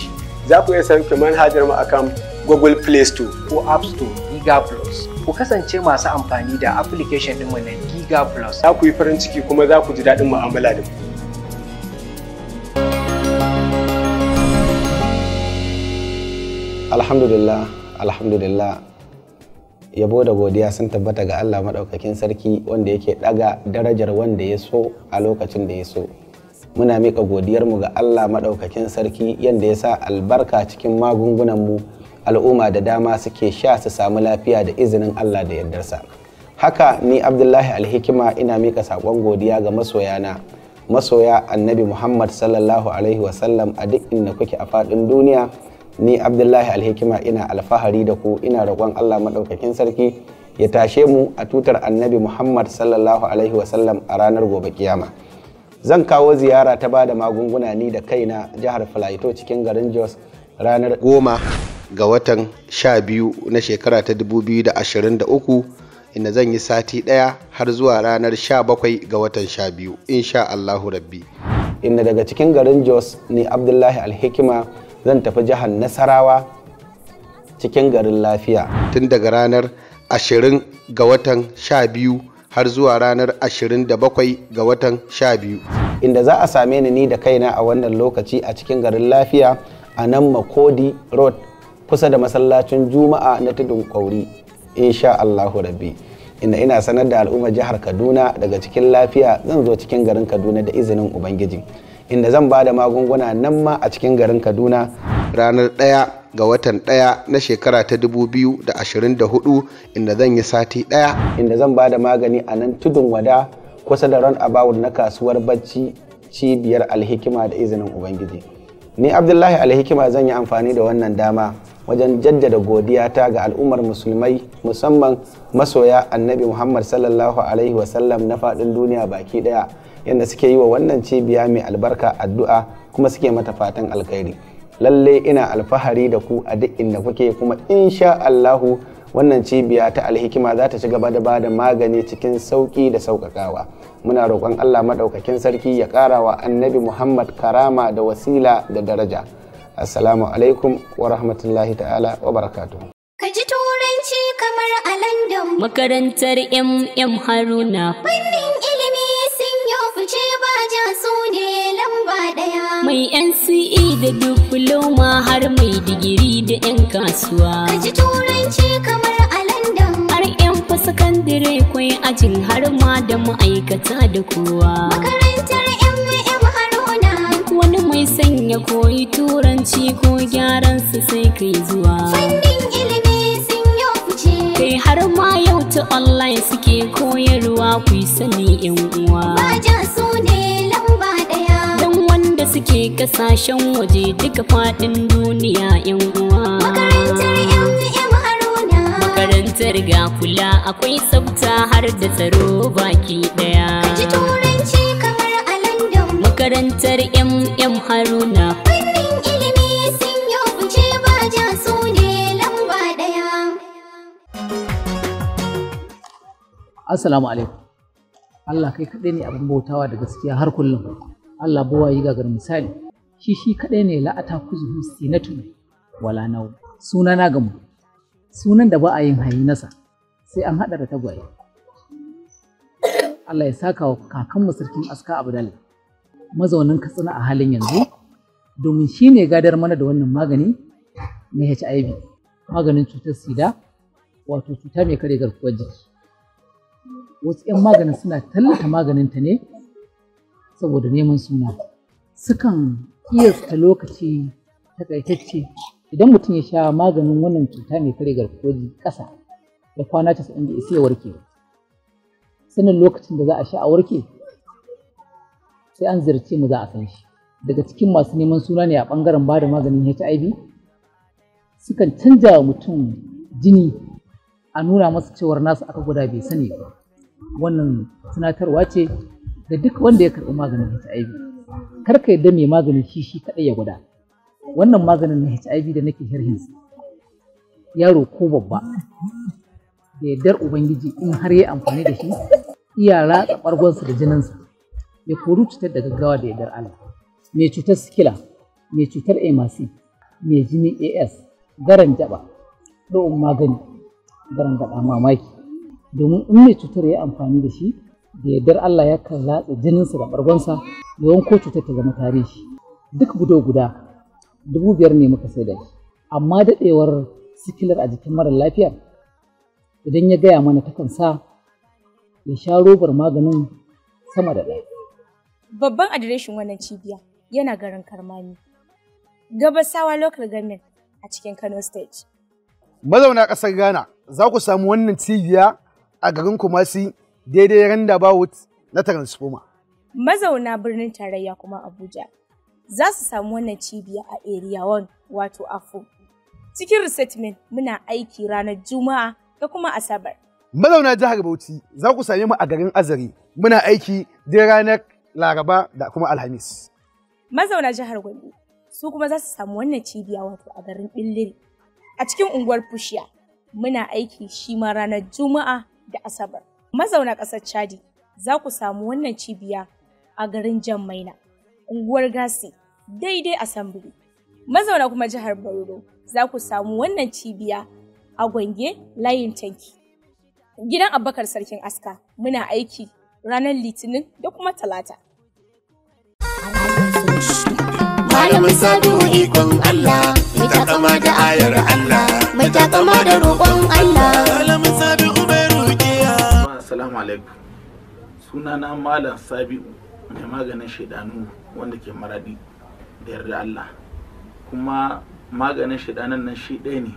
S14: za ku iya sauke manhajar mu akan Google Play Store ko App Store Giga Plus. Ku kasance masu amfani da application ɗinmu na Giga Plus. Za ku yi farin ciki kuma za ku ji daɗin mu'amala da mu.
S21: Alhamdulillah, alhamdulillah. Yabo da godiya sun tabbata ga Allah maɗaukakin sarki wanda yake ɗaga darajar wanda ya so a lokacin da ya so. muna miƙa godiyarmu ga Allah maɗaukakin sarki yadda ya sa albarka cikin magungunanmu al'umma da dama suke sha su samu lafiya da izinin Allah da yardarsa. Haka ni Abdullahi Alhikima ina mika saƙon godiya ga masoyana masoya annabi Muhammad sallallahu Alaihi wasallam a duk inda kuke a faɗin duniya ni Abdullahi Alhikima ina alfahari da ku ina roƙon Allah maɗaukakin sarki ya tashe mu a tutar annabi Muhammad sallallahu Alaihi wasallam a ranar gobe kiyama. zan kawo ziyara ta bada magunguna ni da kaina jihar filaito cikin garin jos ranar goma ga watan sha biyu na shekara ta 2023 inda zan yi sati ɗaya har zuwa ranar sha bakwai ga watan sha biyu insha allahu rabbi inda daga cikin garin jos ne abdullahi alhikima zan tafi jihar nasarawa cikin garin lafiya tun daga ranar ashirin ga watan sha biyu har zuwa ranar 27 ga watan 12 inda za a same ni ni da kaina a wannan lokaci a cikin garin lafiya a nan makodi road kusa da masallacin juma'a na tudun kwauri insha allahu rabbi inda ina sanar da al'ummar jihar kaduna daga cikin lafiya zan zo cikin garin kaduna da izinin ubangiji inda zan ba da magunguna nan ma a cikin garin kaduna ranar ɗaya ga watan ɗaya na shekara ta 2024 inda zan yi sati ɗaya. Inda zan ba da magani a nan tudun wada kusa da ran about na kasuwar bacci cibiyar alhikima da izinin Ubangiji. Ni Abdullahi alhikima zan yi amfani da wannan dama wajen jaddada godiyata ga al'ummar musulmai musamman masoya annabi Muhammad sallallahu alaihi wasallam na faɗin duniya baki ɗaya yadda suke yi wa wannan cibiya mai albarka addu'a kuma suke mata fatan alkhairi. lalle ina alfahari da ku a duk inda kuke kuma insha Allahu wannan cibiya ta alhikima za ta ci gaba da ba da magani cikin sauki da sauƙaƙawa muna roƙon Allah maɗaukakin sarki ya ƙara wa annabi Muhammad karama da wasila da daraja assalamu alaikum wa rahmatullahi ta'ala wa barakatu.
S15: ka ji turanci kamar a London makarantar MM Haruna fannin ilimi sun yi fice ba ja su ne lamba ɗaya mai NCE da diploma har mai digiri da 'yan kasuwa. Kaji turanci kamar a London. Har 'yan fasakandire kwai ajin har ma da ma'aikata da kowa. Makarantar MM Haruna. Wani mai sanya koyi turanci ko gyaran su sai kai zuwa. Fannin ilimi sun yi Kai har ma yau ta online suke koyarwa ku sani 'yan uwa. Ba ja su ne suke kasashen waje duka faɗin duniya 'yan uwa. Makarantar Haruna. Makarantar ga kula akwai tsafta har da tsaro baki ɗaya. Kaji turanci kamar a Makarantar MM Haruna. Fannin ilimi sun yi ba ja su ne lamba ɗaya.
S12: Assalamu alaikum. Allah kai kaɗai ne abin bautawa da gaskiya har kullum. Allah bawa yi gagar misali shi shi kaɗai ne la'ata kuzuhu ne, wala nau suna na gamu sunan da ba a yin hayi nasa sai an haɗa da tagwaye Allah ya saka wa kakanmu sarkin aska abdalla mazaunin katsina a halin yanzu domin shi ne gadar mana da wannan magani na HIV maganin cutar sida wato cuta mai kare garkuwar jiki wasu 'yan maganin suna tallata maganin ta ne saboda neman suna sukan kiyasta lokaci takaitacce idan mutum ya sha maganin wannan cuta mai kare garkuwar ƙasa ya kwana 90 isa ya warke sanin lokacin da za a sha a warke sai an zirce mu za a san shi daga cikin masu neman suna ne a bangaren da maganin HIV sukan canja wa mutum jini a nuna masa cewar nasu aka gwada bai sani ba wannan tunatarwa ce da duk wanda ya karɓi maganin HIV kar ka yadda mai maganin shi shi kaɗai ya gwada wannan maganin na HIV da nake sharhin yaro ko babba da yardar ubangiji in har ya amfani da shi iya ratsa da jininsa ya koru cutar da gaggawa da yardar Allah mai cutar sikila mai cutar AMC, mai jini AS garan jaba ro'un magani garan gaba mamaki domin in mai cutar ya amfani da shi da yardar Allah ya kan latsa jininsa da ɓargonsa yawan ko cutar ta zama tarihi duk budo guda dubu biyar ne muka sai da shi amma daɗewar sikilar a jikin marar lafiyar idan ya gaya mana takan sa ya sha robar maganin sama da ɗaya.
S7: Babban adireshin wannan cibiya yana garin Karmami, Gabasawa Local Government a cikin Kano State.
S19: Mazauna ƙasar Ghana za ku samu wannan cibiya a garin Kumasi daidai randa wut na transformer.
S7: Mazauna birnin tarayya kuma Abuja za su samu wannan cibiya a Area 1 wato AFO. Cikin resettlement muna aiki ranar Juma'a da kuma Asabar.
S19: Mazauna jihar Bauchi za ku same mu a garin Azare muna aiki dai ranar Laraba da kuma Alhamis.
S7: Mazauna jihar Gombe su kuma za su samu wannan cibiya wato a garin Billiri. A cikin unguwar Fushiya muna aiki shi ma ranar Juma'a da Asabar. Mazauna ƙasar Chadi za ku samu wannan cibiya a garin maina unguwar Gasi, daidai a Sambiri. Mazauna kuma jihar Borno za ku samu wannan cibiya a Gwange layin tanki. Gidan Abubakar Sarkin Aska muna aiki ranar Litinin da kuma Talata.
S15: Malamin sadu
S22: ikon Allah, mai takama da ayar Allah,
S4: mai takama da roƙon
S22: Allah. assalamu alaikum Suna na malam sabi'u mai maganin shaidanu wanda ke maradi da yarda allah kuma maganin shaidanan nan shi ɗaya ne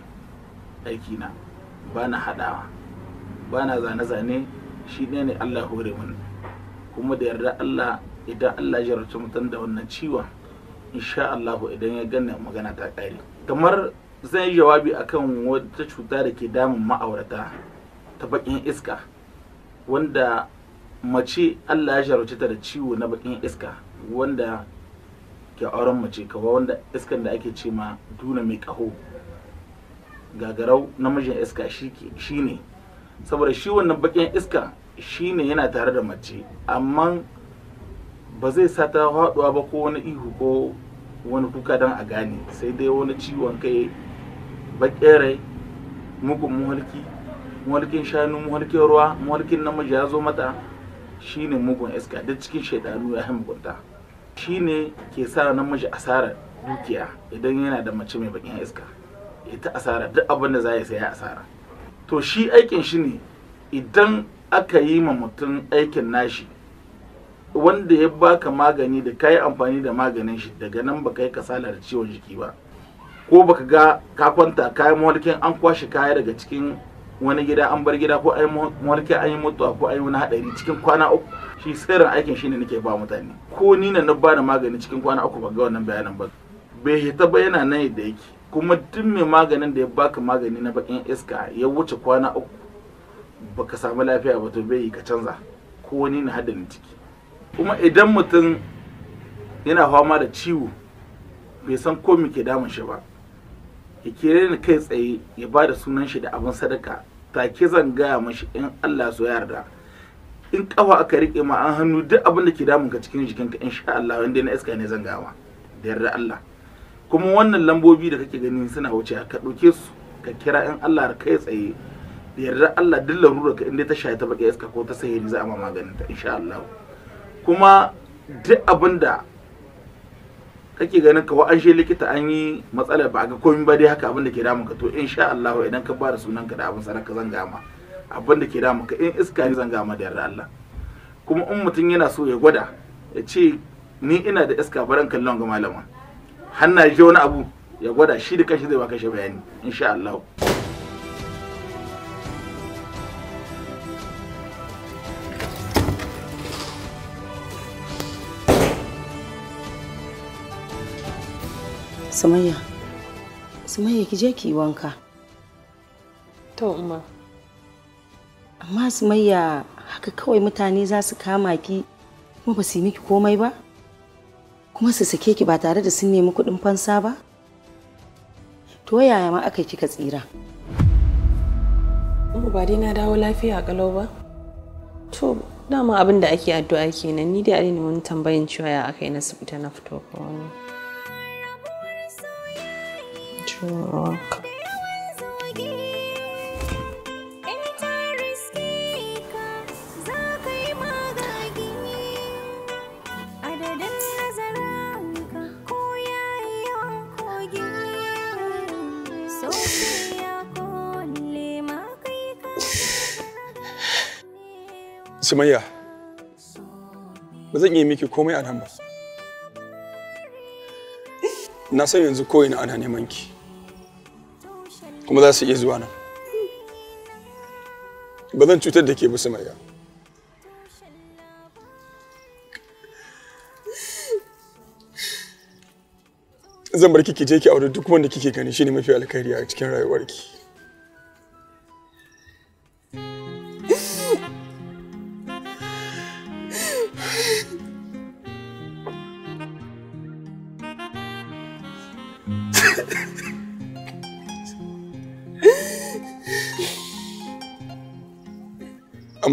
S22: aikina ba na haɗawa ba na zane-zane shi ɗaya ne allah hore mun kuma da yarda allah idan allah ya jarrace mutum da wannan ciwon insha allah idan ya gane magana ta ƙare kamar zan yi jawabi akan wata cuta da ke damun ma'aurata ta bakin iska wanda mace Allah ya sharuce ta da ciwo na bakin iska wanda ke auren mace kawai wanda iskan da ake ce ma duna mai kaho gagarau namijin iska shi saboda shi wannan bakin iska shine yana tare da mace amma ba zai sa ta haɗuwa ba ko wani ihu ko wani kuka don a gane sai dai wani ciwon kai bakin rai mugun muhalki mulkin shanu mulkin ruwa mulkin namiji ya zo mata shine mugun iska duk cikin shaidanu ya mugunta shine ke sa namiji asara dukiya idan yana da mace mai bakin iska ita asara duk abin da za ya sai asara to shi aikin shi ne idan aka yi ma mutum aikin nashi wanda ya baka magani da ka amfani da maganin shi daga nan baka yi kasala da ciwon jiki ba ko baka ga ka kwanta kayan mulkin an kwashe kaya daga cikin wani gida an bar gida ko ai mulki an yi mutuwa ko ai wani hadari cikin kwana uku shi sirrin aikin shine nake ba mutane ko ni na na bada magani cikin kwana uku ba ga wannan bayanan ba bai hita ba yana nan da yake kuma duk mai maganin da ya baka magani na bakin iska ya wuce kwana uku baka samu lafiya ba to bai yi ka canza ko wani na hadarin ciki kuma idan mutum yana fama da ciwo bai san ko me ke damun shi ba ya kere ni kai tsaye ya ba da sunan shi da abin sadaka take zan gaya mashi in Allah so yarda in kafa aka rike ma an hannu duk abin da ke damun ka cikin jikinka insha Allah wanda na iska ne zan gawa da yarda Allah kuma wannan lambobi da kake gani suna wuce ka ɗauke su ka kira in Allah kai tsaye da yarda Allah duk larura ka inda ta shaye ta baki iska ko ta sahiri za a ma maganin ta insha Allah kuma duk abin da kake ganin ka an she likita an yi matsalar ba ga komai ba dai haka abin da ke damun ka to insha Allah idan ka ba da sunan ka da abin sadaka zan gama abin da ke damun ka in iska ne zan gama da yarda Allah kuma in mutum yana so ya gwada ya ce ni ina da iska baran kallon ga malama hanna je wani abu ya gwada shi da kashi zai baka shi bayani insha Allah
S10: Sumayya. Sumayya ki je ki yi wanka. To umma. Amma Sumayya haka kawai mutane za su kama ki kuma ba su yi miki komai ba? Kuma su sake ki ba tare da sun nemi kuɗin fansa ba? To yaya ma aka kika tsira?
S16: Ba dai na dawo lafiya kalau ba?
S10: To dama abin da ake addu'a kenan ni dai a wani tambayin cewa ya aka yi na na fito ko wani.
S15: ƙarshen ruwanka
S8: Sumayya, ba zan iya miki komai a nan ba. Na san yanzu ko ina ana neman ki. kuma za su iya zuwa nan ba zan cutar da ke ba sumayya zan bar kike je ki aure duk wanda kike gani shine mafi alkhairi a cikin rayuwarki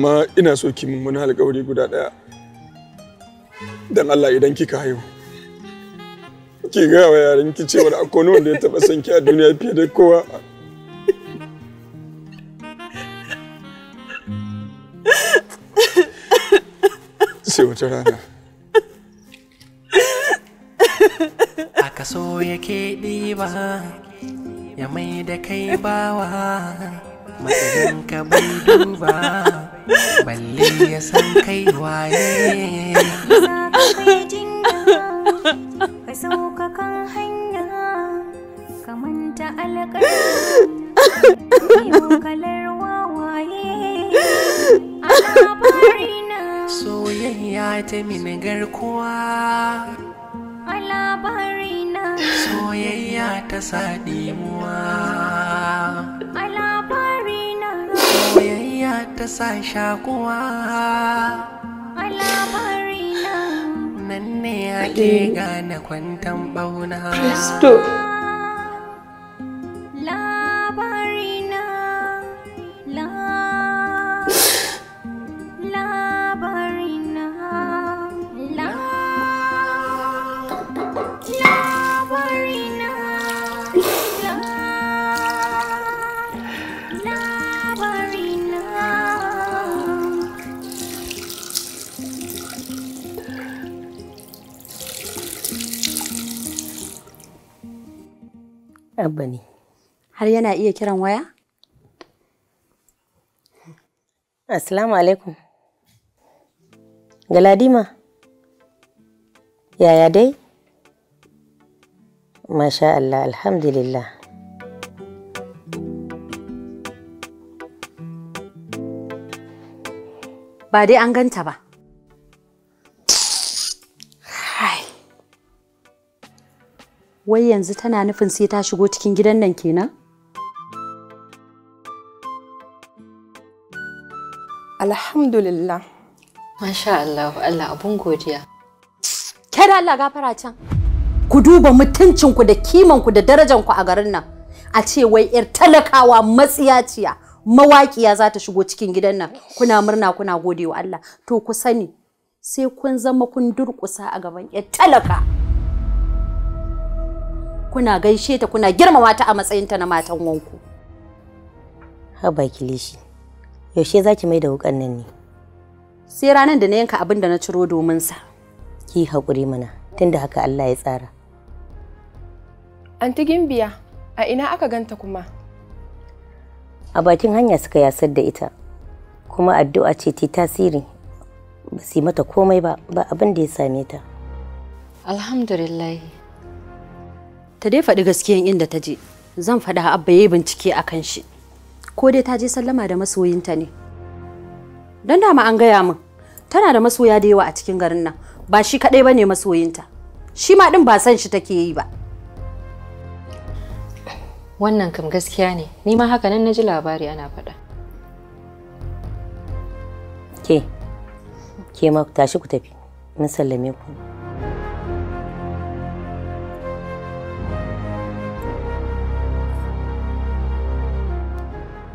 S8: amma ina so ki mummuna alƙawari guda ɗaya don Allah idan kika haihu ki gaya wa yaran ki cewa akwai wanda ya taɓa son ki a duniya fiye da kowa sai wata rana a kaso
S11: yake ɗiba ya mai da kai bawa matsayin ka bai duba balle ya san kai waye
S16: ka sauka kan
S7: hanya ka manta alƙalmi
S23: kalar wawaye a labarina soyayya ta min garkuwa a labarina
S7: soyayya ta sa ɗimuwa a
S11: ta sa shakuwa
S15: nan
S21: ne
S1: ake gane
S21: kwantan ɓauna.
S1: Presto.
S9: Abba ne. Har yana iya kiran waya? Assalamu alaikum. Galadima, yaya dai? Masha Allah, alhamdulillah. Ba dai an ganta ba. wai yanzu tana nufin sai ta shigo cikin gidan nan kenan? Alhamdulillah. Masha Allah, Allah abun godiya. Kada Allah gafara can. Ku duba mutuncinku da kimanku da darajanku a garin nan. A ce wai 'yar talakawa matsiyaciya mawaƙiya za ta shigo cikin gidan nan. Kuna murna kuna godewa Allah. To ku sani sai kun zama kun durƙusa a gaban 'yar talaka. kuna gaishe ta kuna girmama ta a ta na matan wanku haba kilishi yaushe za ki mai da wukan nan ne sai ranar da na yanka abin da na ciro domin sa ki haƙuri mana tunda haka Allah ya tsara
S23: anti gimbiya a ina aka ganta kuma
S9: a bakin hanya suka yasar da ita kuma addu'a ce ta tasiri ba su mata komai ba ba abin da ya same ta alhamdulillah ta dai faɗi gaskiyan inda ta je zan faɗa abba yayi bincike a kan shi ko dai ta je sallama da masoyinta ne don dama an gaya min tana da masoya da yawa a cikin garin nan ba shi kaɗai ba ne masoyinta shi ma ɗin ba san shi take yi ba wannan kam gaskiya ne ni ma haka nan na ji labari ana faɗa ke ke ma tashi ku tafi na sallame ku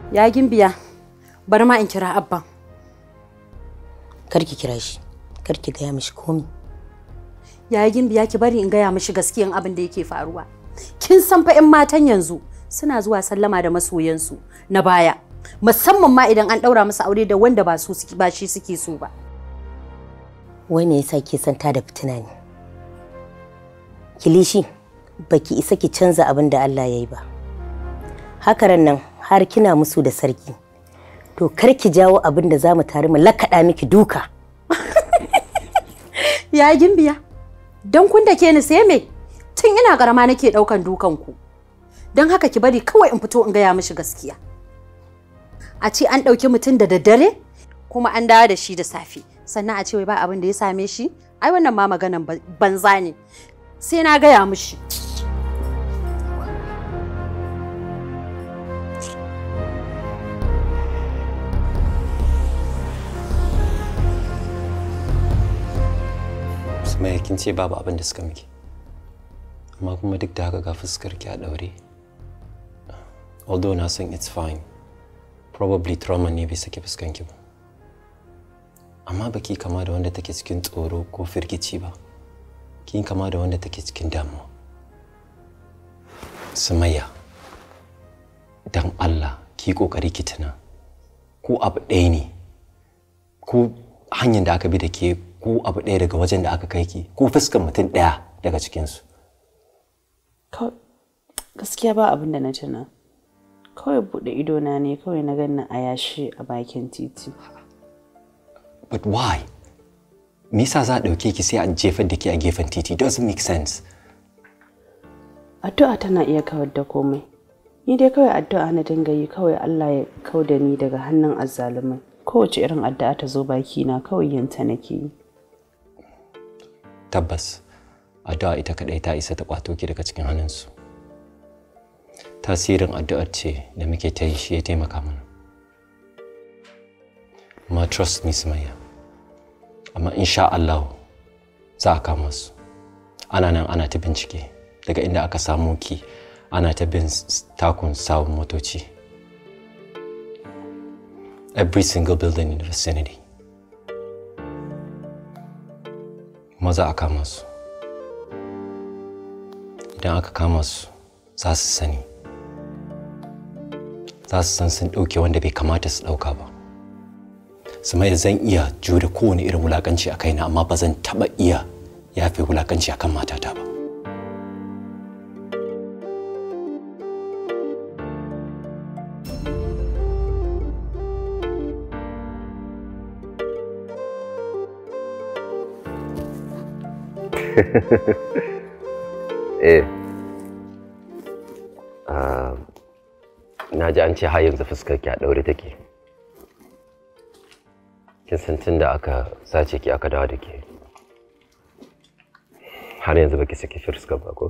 S9: Ya gimbiya, bar ma in kira abban. Kar ki kira shi, kar ki gaya mishi komi. Ya gimbiya ki bari in gaya mishi gaskiyan abin da yake faruwa. Kin san fa 'yan matan yanzu suna zuwa sallama da masoyansu na baya. Musamman ma idan an ɗaura musu aure da wanda ba su ba shi suke so ba. Wai me yasa ke santa da fitina ne? Kilishi, baki isa ki canza abin da Allah ya yi ba. Hakaran nan har kina musu da sarki to kar ki jawo abin da za mu tare mu lakaɗa miki duka ya gimbiya don kun da ke ni sai me tun ina karama nake ɗaukan dukan ku don haka ki bari kawai in fito in gaya mishi gaskiya a ce an ɗauki mutum da daddare kuma an dawo da shi da safe sannan a ce wai ba abin da ya same shi ai wannan ma maganan banza ne sai na gaya mishi.
S17: mai kin ce babu abin da suka miki. Amma kuma duk da haka ga fuskar ki a daure. Although na san it's fine. Probably trauma ne bai saki fuskan ki ba. Amma baki kama da wanda take cikin tsoro ko firgici ba. Kin kama da wanda take cikin damuwa. Sumayya. Dan Allah ki kokari ki tuna. Ko abu ɗaya ne. Ko hanyar da aka bi da ke ku abu ɗaya daga wajen da aka kai ki ku fuskan mutum ɗaya daga cikinsu
S10: gaskiya ba abin da na tuna kawai buɗe idona ne kawai na ganna
S7: a yashi a bakin titi
S17: but why me yasa za a ɗauke ki sai a jefar da ke a gefen titi doesn't make sense
S10: addu'a tana iya kawar da komai ni dai kawai addu'a na dinga yi kawai Allah ya kau da ni daga hannun azzalumai kowace irin addu'a ta zo baki na kawai yanta nake yi
S17: tabbas addu'a ita kaɗai ta isa ta kwato ki daga cikin hannunsu tasirin addu'ar ce da muke ta yi shi ya taimaka mana ma trust me sumayya amma insha Allah za a kama su ana nan ana ta bincike daga inda aka samu ki ana ta bin takun sawun motoci every single building in the vicinity maza a kama su idan aka kama su za su sani za su san sun ɗauke wanda bai kamata su ɗauka ba su mai zan iya jure kowane irin wulakanci a kaina amma ba zan taɓa iya yafe wulakanci a kan matata ba eh ah, na ji an ce har yanzu fuskar ki a daure take kin san tun da aka sace ki aka dawo da ke har yanzu baki saki fuskar ba ko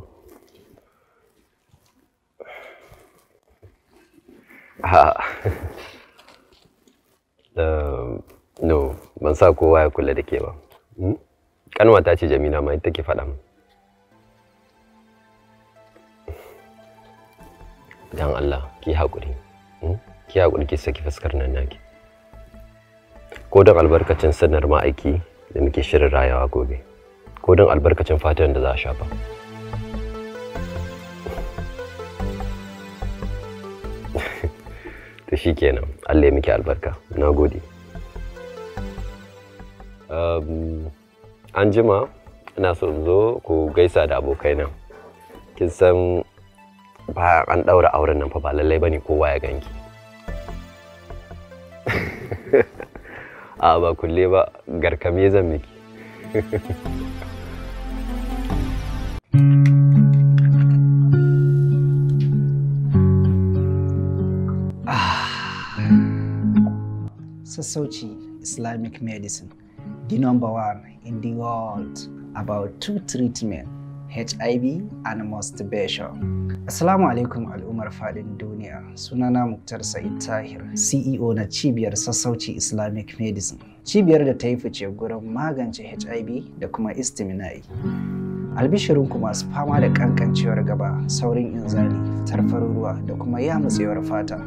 S17: Ah. Um, no, ban sa kowa ya kula da ke ba. Hmm? ta ce jamila ma ita take faɗa min dan Allah ki haƙuri hmm? ki haƙuri ki saki fuskar nan naki ko don albarkacin sanar ma'aiki da muke shirin rayawa gobe ko don albarkacin fatan da za a shafa to shi kenan Allah ya miki albarka na gode um, an jima ina so zo ku gaisa da abokai nan kin san ba an ɗaura auren nan fa ba lallai bane kowa ya ganki a ba kulle ba garkame zan miki
S24: ah. sassauci islamic medicine the number one in the world about two treatments HIV and masturbation. Assalamu alaikum al'ummar Faɗin duniya. Sunana Muktar Sa'id Tahir, CEO na Cibiyar Sassauci Islamic Medicine. Cibiyar da ta yi fice gurin magance HIV da kuma istimina'i. ku masu fama da kankancewar gaba, saurin inzali, tarfar ruwa da kuma yamutsewar fata.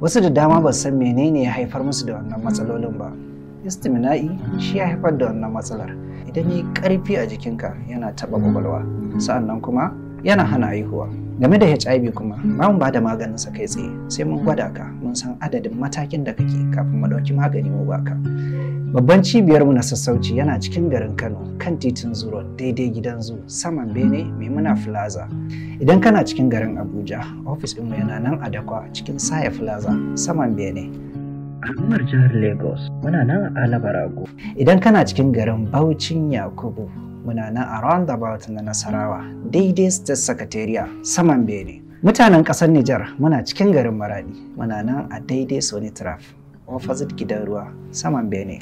S24: Wasu da dama ba san menene ya haifar musu da wannan matsalolin ba. istimina'i shi ya haifar da wannan matsalar idan yi karfi a jikinka yana taɓa kwakwalwa mm. sa'annan kuma yana hana haihuwa game da hiv kuma ba mu ba da maganin sa kai tsaye sai mun gwada ka mun san adadin matakin da kake kafin mu ɗauki magani mu baka babban cibiyarmu na sassauci yana cikin garin kano kan titin zuro daidai gidan zu saman bene maimuna plaza idan kana cikin garin abuja ofis ɗinmu yana nan a dakwa cikin saya plaza saman bene al'ummar jihar Lagos muna nan a Labarago. Idan kana cikin garin Baucin Yakubu muna nan a about na Nasarawa daidai State Secretariat saman Bene. Mutanen ƙasar Nijar muna cikin garin Maradi muna nan a daidai Sonitraf opposite gidan ruwa saman Bene.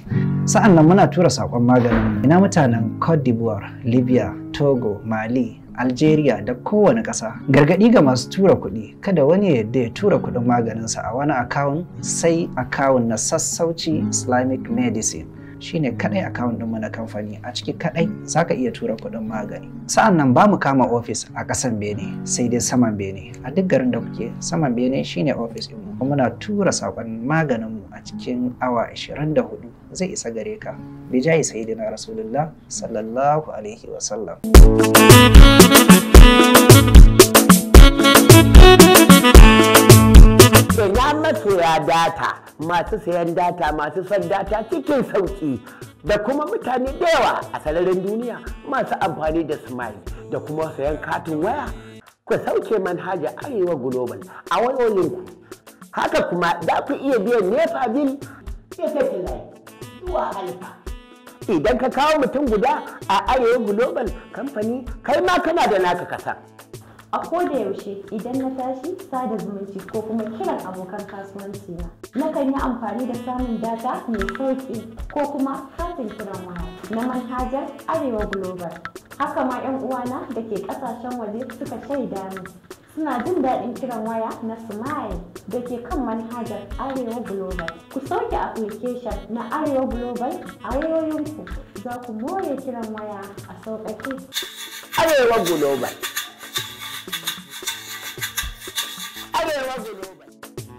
S24: Sa'an nan muna tura saƙon maganin ina mutanen Cote d'Ivoire, Libya, Togo, Mali, Algeria da kowane ƙasa. Gargaɗi ga masu tura kuɗi, kada wani yadda ya tura kuɗin maganinsa a wani akawun sai akawun na sassauci Islamic Medicine. shine kadai account mu na kamfani a ciki kadai za iya tura kuɗin magani sa'an nan ba mu kama office a ƙasan bene sai dai saman bene a duk garin da kuke saman bene shine office ɗinmu kuma muna tura sakon maganin mu a cikin awa 24 zai isa gare ka bijayi sayyidina rasulullah sallallahu alaihi wasallam
S7: masoya data
S1: masu sayan data masu son data cikin sauki da kuma mutane da yawa
S11: a sararin duniya masu amfani da smile da kuma sayan katin waya ku sauke manhajar arewa global a ku haka kuma za ku iya biyan
S1: nefa bil zuwa alfa idan ka kawo mutum guda a arewa global kamfani kai ma kana da naka kasa a ko
S9: da yaushe idan na tashi sada zumunci ko kuma kiran abokan kasuwanci na nakan yi amfani da samun data mai sauki ko kuma katin kiran waya na manhajar arewa global haka ma 'yan uwana da ke kasashen waje suka shaida min suna jin daɗin kiran waya na smile da ke kan manhajar arewa global ku sauke application na arewa global a wayoyinku za ku more
S5: kiran waya a sauƙaƙe
S11: arewa global Muna yi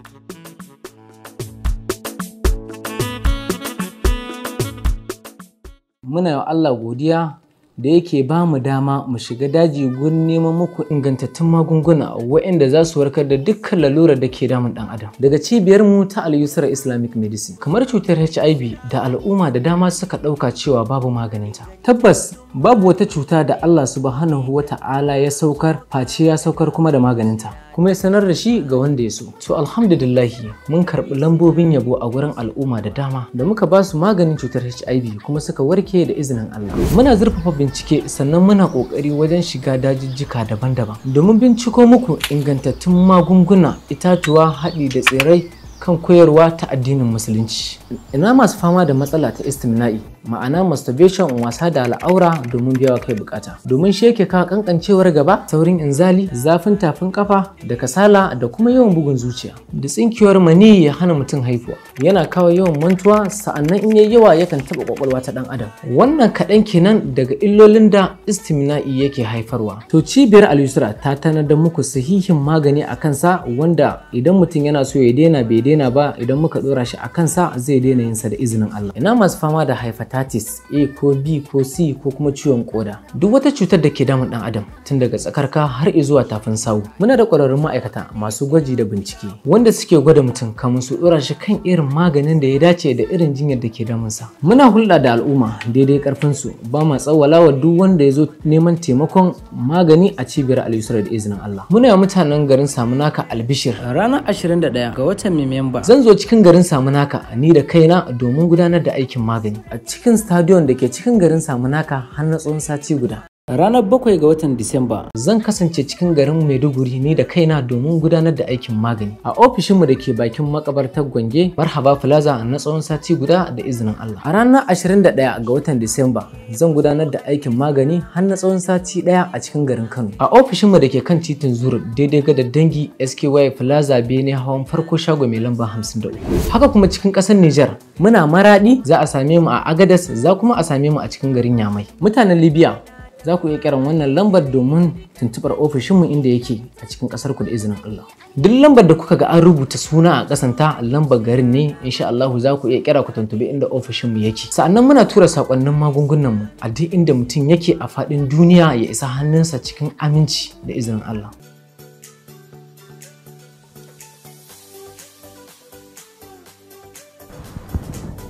S23: Muna Allah godiya da yake ba mu dama mu shiga daji gurin neman muku ingantattun magunguna waɗanda za su warkar da dukkan lalurar da ke damun ɗan adam daga cibiyar mu ta al-yusra islamic medicine kamar cutar hiv da al'umma da dama suka ɗauka cewa babu maganinta tabbas babu wata cuta da allah subhanahu wa ta'ala ya saukar face ya saukar kuma da maganinta kuma ya sanar da shi ga wanda ya so. To alhamdulillahi mun karɓi lambobin yabo a gurin al'umma da dama da muka ba su maganin cutar HIV kuma suka warke da izinin Allah. Muna zurfafa bincike sannan muna ƙoƙari wajen shiga dajijjika daban-daban domin binciko muku ingantattun magunguna itatuwa haɗi da tsirai kan koyarwa ta addinin musulunci ina masu fama da matsala ta istimna'i ma'ana masturbation wasa da al'aura domin biyawa kai bukata domin sheke yake kawo kankancewar gaba saurin inzali zafin tafin kafa da kasala da kuma yawan bugun zuciya da tsinkiyar mani ya hana mutum haifuwa yana kawo yawan mantuwa sa'annan in yayi yawa yakan taba kwakwalwa ta dan adam wannan kaɗan kenan daga illolin da istimna'i yake haifarwa to cibiyar al ta tanar da muku sahihin magani a kansa wanda idan mutum yana so ya daina bai daina ba idan muka dora shi a kansa zai daina sa da izinin Allah ina masu fama da hepatitis A ko B ko C ko kuma ciwon koda duk wata cutar da ke damun dan adam tun daga tsakarka har zuwa tafin sawu muna da kwararrun ma'aikata masu gwaji da bincike wanda suke gwada mutum kamun su dora shi kan irin maganin da ya dace da irin jinyar da ke sa muna hulɗa da al'umma daidai karfin su ba ma tsawala duk wanda ya zo neman taimakon magani a cibiyar Al-Yusra da izinin Allah muna mutanen garin Samunaka Albishir ranar 21 ga watan Mai ba. Zan zo cikin garin Samunaka ni da kaina domin gudanar da aikin magani a cikin stadion da ke cikin garin Samunaka har na tsawon sati guda. Ranar bakwai ga watan Disamba zan kasance cikin garin Maiduguri ne da kaina domin gudanar da aikin magani. A ofishinmu da ke bakin makabartar Gwange, Marhaba Plaza na tsawon sati guda da izinin Allah. A ranar 21 ga watan Disamba zan gudanar da aikin magani har na tsawon sati ɗaya a cikin garin Kano. A ofishinmu da ke kan titin Zuru daidai ga dangi SKY Plaza Bene hawan farko shago mai lamba 53. Haka kuma cikin ƙasar Nijar muna maraɗi za a same mu a Agadez za kuma a same mu a cikin garin Yamai. Mutanen Libya za ku iya kiran wannan lambar domin tuntubar ofishinmu inda yake a cikin ƙasarku, ku da izinin Allah. Duk lambar da kuka ga an rubuta suna a kasanta lambar garin ne insha Allah za ku iya kira ku tuntubi inda ofishinmu yake. Sa'annan muna tura sakonnin magungunan mu a duk inda mutum yake a fadin duniya ya isa hannunsa cikin aminci da izinin Allah.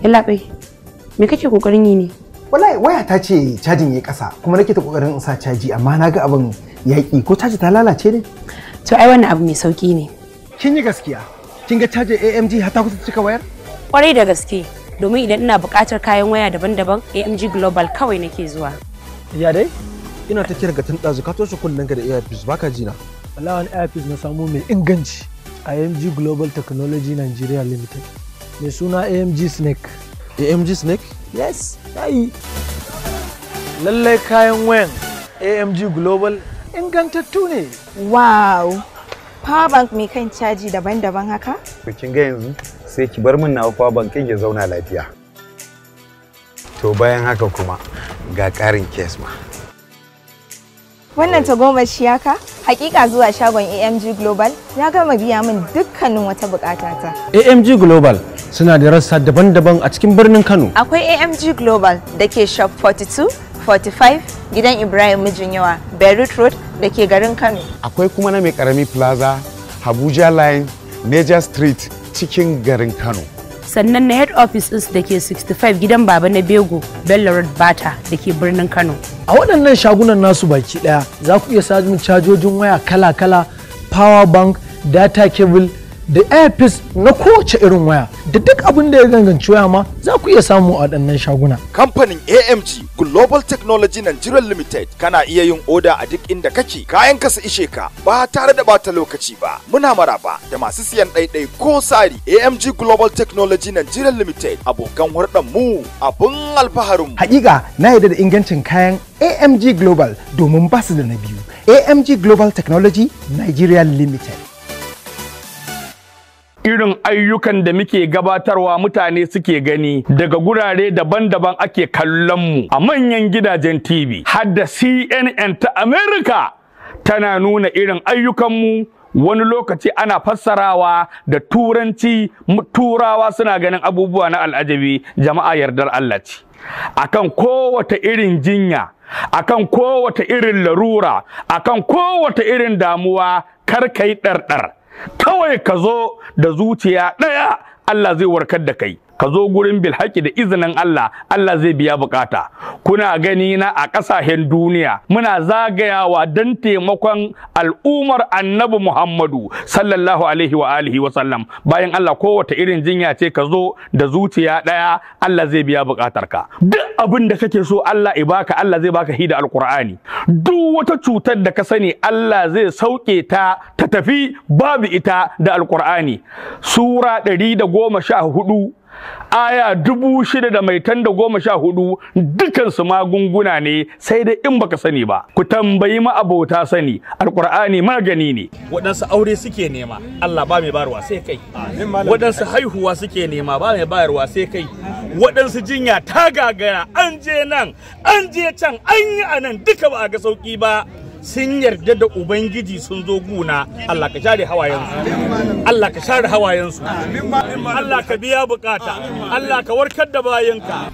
S7: Yallaɓai, me kake ƙoƙarin yi ne?
S14: wallahi waya ta
S19: ce cajin ya kasa kuma nake ta kokarin in sa caji amma na ga abin yaƙi ko caji ta lalace ne
S2: to ai wannan abu mai sauki ne kin yi gaskiya kin ga cajin AMG har ta kusa cika wayar
S7: kwarai da gaske domin idan ina buƙatar kayan waya daban-daban AMG Global kawai nake zuwa
S2: ya dai ina ta kira ga tun ɗazu ka toshe kullun ka da earpiece baka ji na
S3: wallahi wani earpiece na samu mai inganci a AMG Global Technology Nigeria Limited mai suna AMG Snake AMG Snake yes yayi
S2: lallai kayan wayan amg global
S10: ingantattu ne wow power bank mai kan caji daban-daban haka
S2: kin ga yanzu sai ki bar min nawa power bank ya zauna lafiya to bayan haka kuma
S19: ga ƙarin kesma. ma
S10: Wannan ta tagomashi yaka hakika zuwa shagon AMG Global ya gama biya min dukkanin wata bukata ta
S18: AMG Global suna da rassa daban-daban a cikin birnin Kano.
S10: Akwai AMG Global da ke shop 42, 45 gidan Ibrahim Mijinyawa, Beirut Road da ke garin Kano. Akwai kuma
S2: na mai karami plaza, Habuja Line, Niger Street cikin garin Kano.
S7: sannan na head office ɗinsu da ke 65 gidan baba na bego bello road bata da ke birnin kano
S3: a waɗannan shagunan nasu baki ɗaya za ku iya samun cajojin waya kala-kala power bank data cable da airpiece na kowace irin waya da duk abin da ya ganganci waya ma za ku iya samu a waɗannan shaguna.
S2: Kamfanin AMG Global Technology Nigeria Limited kana iya yin oda a duk inda kake kayan kasa ishe ka ba
S22: tare da bata lokaci ba. Muna maraba da masu siyan ɗaiɗai ko sari AMG Global Technology Nigeria Limited abokan hurɗar mu abun alfaharin.
S19: Hakika na yarda da ingancin kayan AMG Global domin basu da na biyu. AMG Global Technology Nigeria Limited.
S6: irin ayyukan da muke gabatarwa mutane suke gani daga gurare daban-daban ake kallon mu a manyan gidajen TV har da CNN ta America tana nuna irin ayyukanmu wani lokaci ana fassarawa da turanci turawa suna ganin abubuwa na al'ajabi jama'a yardar Allah ce akan kowace irin jinya akan kowace irin larura akan kowace irin damuwa kar kai ɗarɗar kawai ka zo da zuciya ɗaya Allah zai warkar da kai ka zo gurin bilhaki da izinin Allah Allah zai biya bukata kuna gani na a ƙasashen duniya muna zagayawa don taimakon al'umar annabi Muhammadu sallallahu alaihi wa alihi wa sallam bayan Allah kowace irin jinya ce ka zo da zuciya ɗaya Allah zai biya bukatarka duk abin da kake so Allah i baka Allah zai baka hida alkur'ani duk wata cutar da ka sani Allah zai sauke ta ta tafi babu ita da alkur'ani sura ɗari da goma sha hudu. aya dubu shida da mai tanda goma sha hudu dukansu magunguna ne sai dai in baka sani ba ku tambayi ma'abota sani alkur'ani magani ne waɗansu aure suke nema Allah ba mai bayarwa sai kai waɗansu haihuwa suke nema ba mai bayarwa sai kai waɗansu jinya ta gagara an je nan an je can an yi anan duka ba a ga sauki ba sun yarda da ubangiji sun zo guna Allah ka share hawayensu Allah ka share hawayensu Allah ka biya bukata Allah ka warkar da bayanka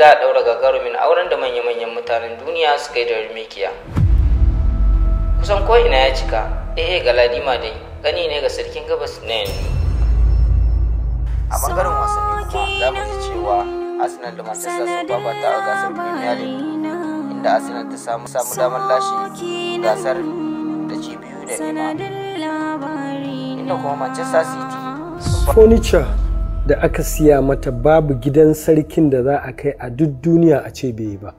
S4: za a ɗaura gagarumin auren da manya-manyan mutanen duniya suka yi da rimekiya kusan ko ina ya cika eh, eh, ga Ladima dai gani ne ga sarkin gabas na yanzu
S24: a bangaren wasanni kuma
S4: za mu ji cewa arsenal da manchester sun babata a gasar premier league inda arsenal ta samu samu damar lashe gasar da ci biyu
S15: da nema inda kuma manchester
S7: city
S3: furniture da aka siya mata babu gidan sarkin da za a kai a duk duniya a ce bai ba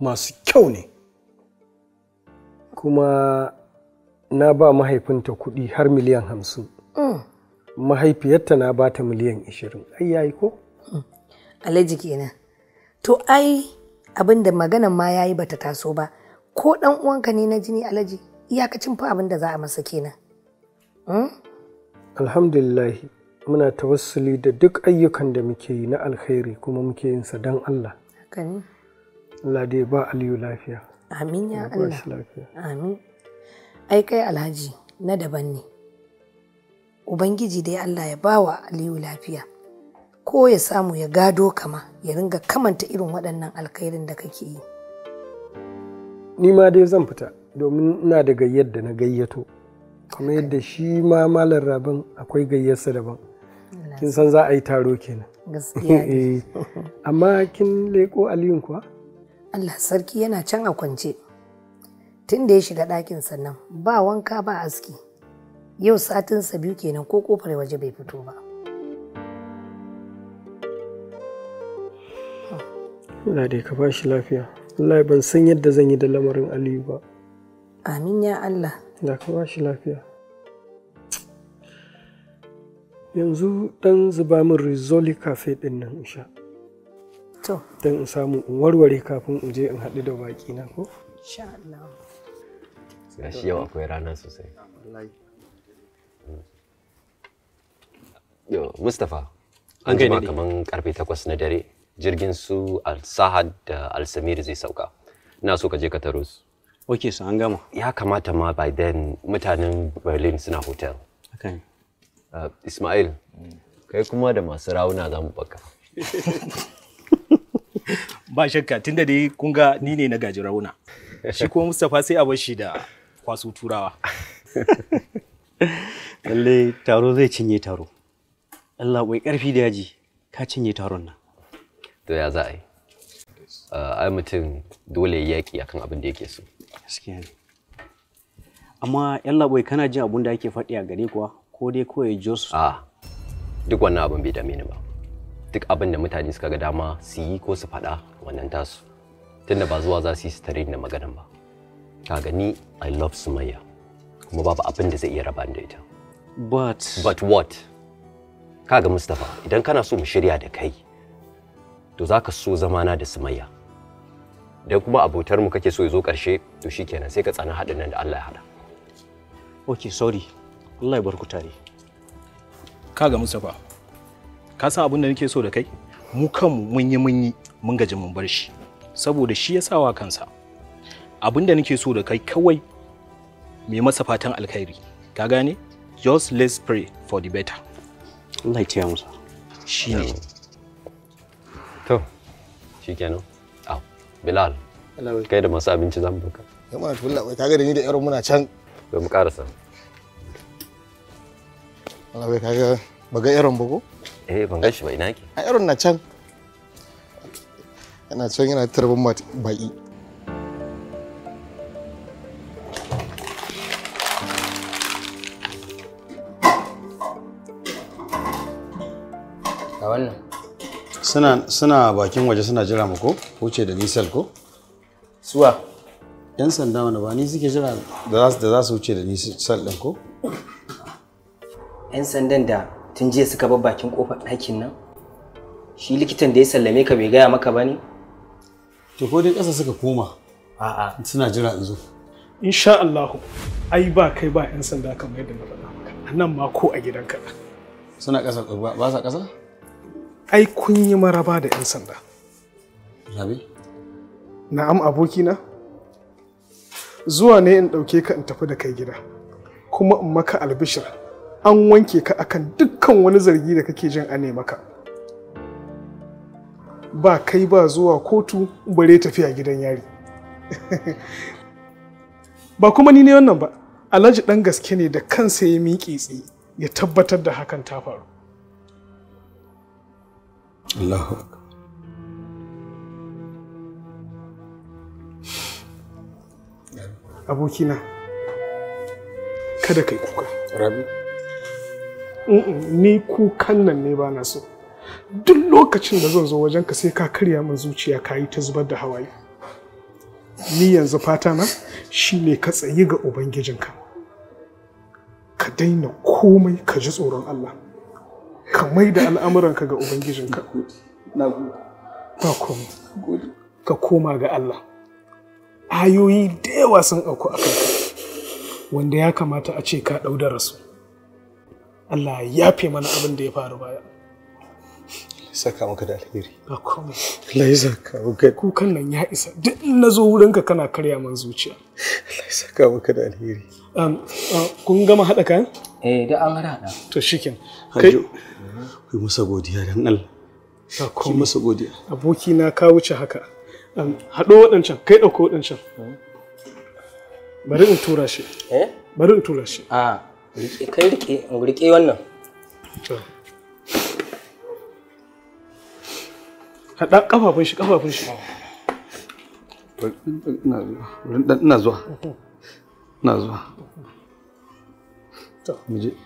S3: masu kyau ne kuma na ba mahaifinta kuɗi har miliyan hamsin mm. mahaifiyarta na ba ta miliyan ishirin.
S16: ai yi ko mm. alhaji kenan to ai abin da maganan ma yayi bata taso ba ko dan uwanka ne na jini alhaji iyakacin fa abin da za a masa kenan
S3: mm? alhamdulillahi muna tawassuli da duk ayyukan da muke yi na alkhairi kuma muke yin sa don Allah Allah dai ba aliyu lafiya
S16: amin ya Allah amin ai kai alhaji na daban ne ubangiji dai Allah ya ba wa aliyu lafiya ko ya samu ya gado kama ya ringa kamanta irin waɗannan alkhairin da kake yi
S3: ni ma dai zan fita domin ina da gayyar da na gayyato kuma yadda shi ma malar rabin akwai gayyarsa daban kin san za a yi taro kenan gaskiya eh, amma kin leko aliyun kuwa
S16: Allah sarki yana can a kwance tun da ya shiga ɗakin sannan ba wanka ba aski yau satinsa biyu kenan ko kofar waje bai fito ba
S3: Allah dai ka bashi lafiya Allah ban san yadda zan yi da lamarin Aliyu ba
S16: amin ya Allah
S3: da ka bashi lafiya yanzu dan zuba min rizoli cafe din nan in sha to dan in samu in warware kafin in je in haɗu da baki na ko
S16: insha Allah
S17: gashi yau akwai rana sosai yo mustafa an jima kaman karfe 8 na dare jirgin su al-sahad da al-samir zai sauka ina so ka je ka taro su okay so an gama ya kamata ma by then mutanen berlin suna hotel okay. Ah, Ismail, kai kuma da masu rauna za mu baka. Ba shakka tun da dai kun ga ni ne na gaji
S11: rauna. Shi kuma Mustapha sai a bar shi da kwaso turawa.
S17: Lalle taro zai cinye taro. Allah bai karfi da yaji ka cinye taron nan. To ya za a yi? Ah, ai mutum dole ya yaƙi akan abin da yake so. Gaskiya ne. Amma yalla bai kana jin abin da ake faɗi a gare kuwa? ko dai ko ya jos a duk wannan abin bai dame ni ba duk abin da mutane suka ga dama su yi ko su faɗa wannan tasu tunda ba zuwa za su yi su tare da maganan ba kaga ni i love sumayya kuma babu abin da zai iya raba da ita but but what kaga mustapha idan kana so mu shirya da kai to za ka so zamana da sumayya idan kuma abotar mu kake so ya zo ƙarshe to shikenan sai ka tsana haɗin nan da Allah ya haɗa okay sorry
S11: Allah ya bar ku tare kaga Mustapha ka san abin da nake so da kai mu kanmu mun yi mun yi mun gaji mun bar shi saboda shi ya sawa kansa abin da nake so da kai kawai mai masa fatan alkhairi ka gane
S17: just let's pray for the better Allah ya musa shi ne to shikenan au bilal kai da masu abinci zan baka
S19: yamma to kaga da ni da yaron muna can bai mu karasa Allah bai kaga ba ga irin bugu?
S17: Eh ban gashi ba ina ke.
S19: A
S13: irin na can. Yana can yana tarbin baki.
S9: Ga wannan.
S2: Suna suna bakin waje suna jira mu ko? Wuce da Nisal ko? Suwa. Yan sanda wani ba ni suke jira da za su wuce da Nisal ɗin ko?
S4: 'yan sandan da tun jiya suka bar bakin kofar ɗakin nan shi likitan da ya sallame ka bai gaya maka ba ne to ko dai ƙasa suka koma a'a suna jira in zo
S13: insha Allah ai ba kai ba 'yan sanda kamar yadda na faɗa maka nan ma ko a gidanka
S2: suna ƙasa ba sa ƙasa
S13: ai kun yi maraba da 'yan sanda rabi na'am abokina zuwa ne in ɗauke ka in tafi da kai gida kuma in maka albishir an wanke ka akan dukkan wani zargi da kake jin ane maka ba kai ba zuwa kotu bare tafiya gidan yari ba kuma ni ne wannan ba alhaji dan gaske ne da kansa ya miƙe tsi ya tabbatar da hakan ta faru Allahu abokina kada kai kuka rabi ni kukan nan ne ba na so duk lokacin da zan zo wajen ka sai ka karya min zuciya ka yi ta zubar da hawaye ni yanzu fata na shi ne ka tsayi ga ubangijinka ka daina komai ka ji tsoron Allah ka mai da al'amuranka ga ubangijinka
S2: ba
S13: komai ka koma ga Allah ayoyi da yawa sun auku a kanka wanda ya kamata a ce ka ɗau da rasu Allah ya yafe mana abin da ya faru baya saka
S2: maka da alheri ba komai Allah ya saka maka
S13: kukan nan ya isa duk in na zo wurinka kana karya man zuciya Allah
S2: ya saka maka da alheri
S13: um, kun gama haɗa kayan
S2: eh da an haɗa to shikin Hajo. ku masa godiya dan Allah Ku masa godiya
S13: aboki na ka wuce haka haɗo waɗancan kai ɗauko waɗancan hmm. bari in tura shi eh? bari in tura shi
S4: Ah. Rike kai rike rike wannan.
S13: Haɗa kafafun shi kafafun shi.
S2: Ina zuwa. Ina zuwa. To,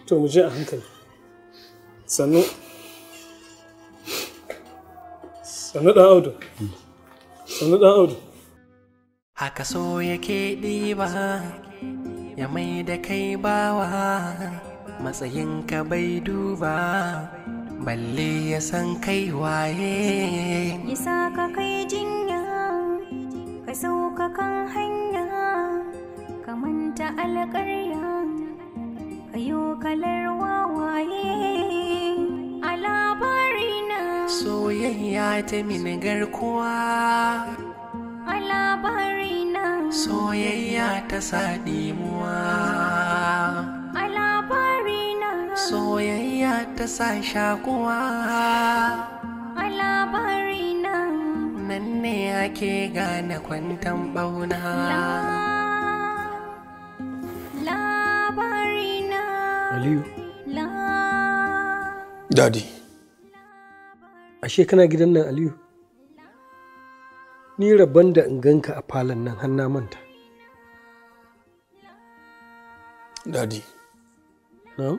S13: to mu je a hankali. Sannu.
S11: Sannu ɗan Audu. Sannu ɗan Audu. Haka so yake ɗiba. ya mai da kai bawa matsayinka bai duba balle ya san kai waye
S14: isa ka kai jinya ka sauka kan
S7: hanya ka manta alƙarya ka yi kalar wawaye a na soyayya ta min garkuwa a labari soyayya ta sa ɗimuwa a labari na soyayya ta sa shakuwa
S23: a labari na nan ne ake gane kwantan ɓauna labari na
S3: aliyu dadi ashe kana gidan nan aliyu ni rabon da in ganka a falon nan hannu manta dadi na'am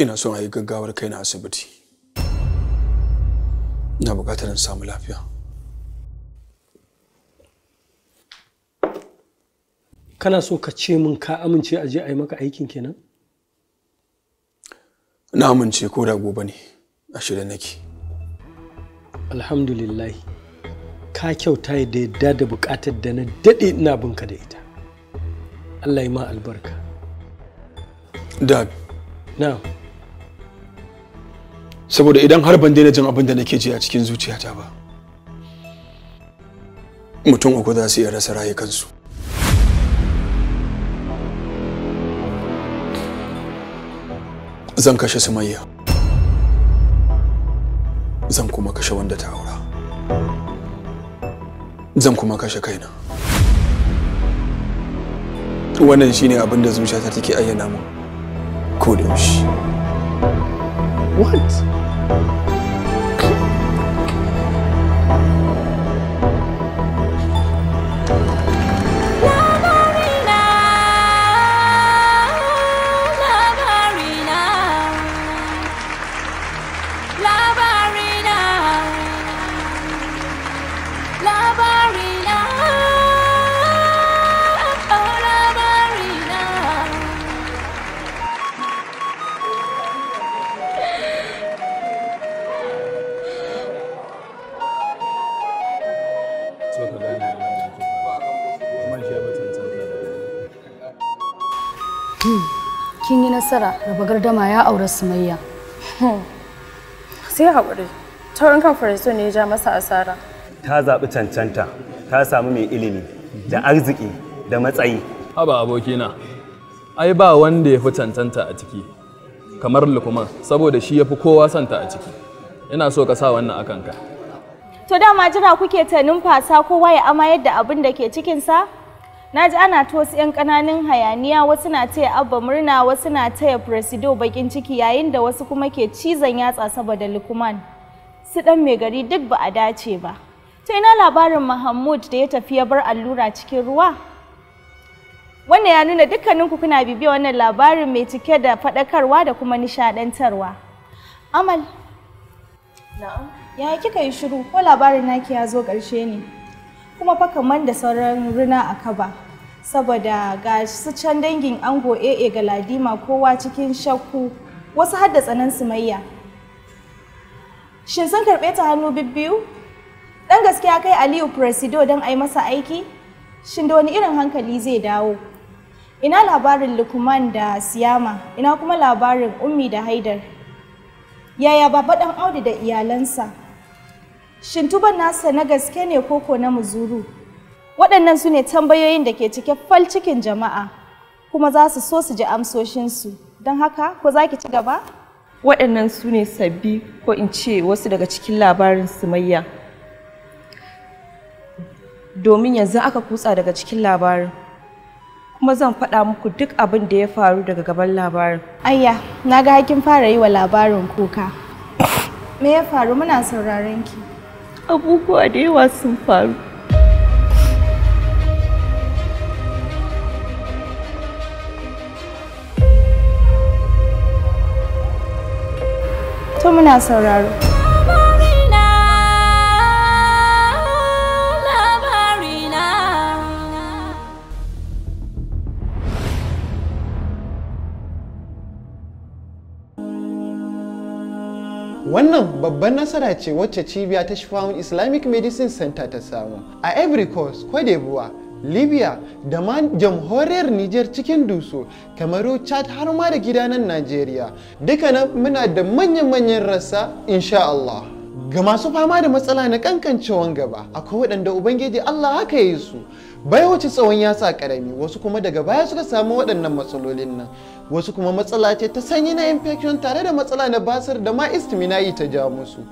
S8: ina son a yi gaggawar kai na asibiti ina bukatar in samu lafiya
S3: kana so ka ce min ka amince a je a yi maka aikin kenan
S8: na amince ko da gobe ne a nake
S3: alhamdulillahi ka kyauta da yadda da bukatar da na daɗe ina binka da ita allah yi ma albarka
S8: saboda idan har ban daina jin abin da nake ji a cikin zuciyata ba mutum uku za su iya rasa rayukansu zan kashe sumayya zan kuma kashe wanda ta aura zan kuma kashe kaina wannan shine abin da zuciyata take ayyana mu ko da yaushe what
S16: nasara bagar gardama ya aure sumayya hmm. sai haƙuri taurin kan
S7: farisu ne ya ja masa asara
S2: ta zaɓi
S6: cancanta ta samu mai ilimi da arziki da matsayi haba abokina ai ba wanda ya fi cancanta a ciki kamar lukman saboda shi ya fi kowa santa a ciki ina so ka sa wannan a kanka
S10: to dama jira kuke ta numfasa kowa ya amayar da abin da ke cikinsa na ji ana ta wasu 'yan ƙananan hayaniya wasu na taya abba murna wasu na taya presido bakin ciki yayin da wasu kuma ke cizon yatsa saboda lukman su dan mai gari duk ba a dace ba to ina labarin mahmud da ya tafi ya bar allura cikin ruwa wannan ya nuna ku kuna bibiya wannan labarin mai cike da faɗakarwa da kuma nishadantarwa. amal na'am ya kika yi shiru ko labarin naki ya zo ƙarshe ne kuma fa kamar da sauran rina a kaba saboda ga su can dangin ango Ee, ga ladima kowa cikin shakku wasu har da tsanan sumayya shin sun karɓe ta hannu bibbiyu ɗan gaskiya kai aliyu presido don a yi masa aiki shin da wani irin hankali zai dawo ina labarin lukman da siyama ina kuma labarin ummi da haidar yaya baba ɗan audu da iyalansa Shin tuban nasa na gaske ne koko na muzuru? Waɗannan su ne tambayoyin da ke cike fal cikin jama'a kuma za su so su ji amsoshinsu. Don haka ko za ki ci gaba? Waɗannan su ne sabbi ko in ce wasu daga cikin labarin sumayya. Domin yanzu aka kutsa daga cikin labarin. kuma zan faɗa muku duk abin da ya faru daga gaban labarin. Ayya, na ga hakin fara yi wa labarin kuka. Me ya faru muna sauraron ki? abubuwa da yawa sun faru to muna sauraro
S20: wannan babban nasara ce wacce cibiya ta shifawun islamic medicine center ta samu a every coast d'Ivoire, libya da ma jamhuriyar niger cikin duso kamaru chad har ma da gidanan najeriya nan muna da manyan-manyan rasa insha Allah. ga masu fama da matsala na kankancewan gaba akwai waɗanda ubangiji Allah haka yi su bai wuce tsawon yasa karami wasu kuma daga baya suka samu waɗannan matsalolin nan wasu kuma matsala ce ta sanyi na infection tare da matsala na basir da ma istimina'i ta ja musu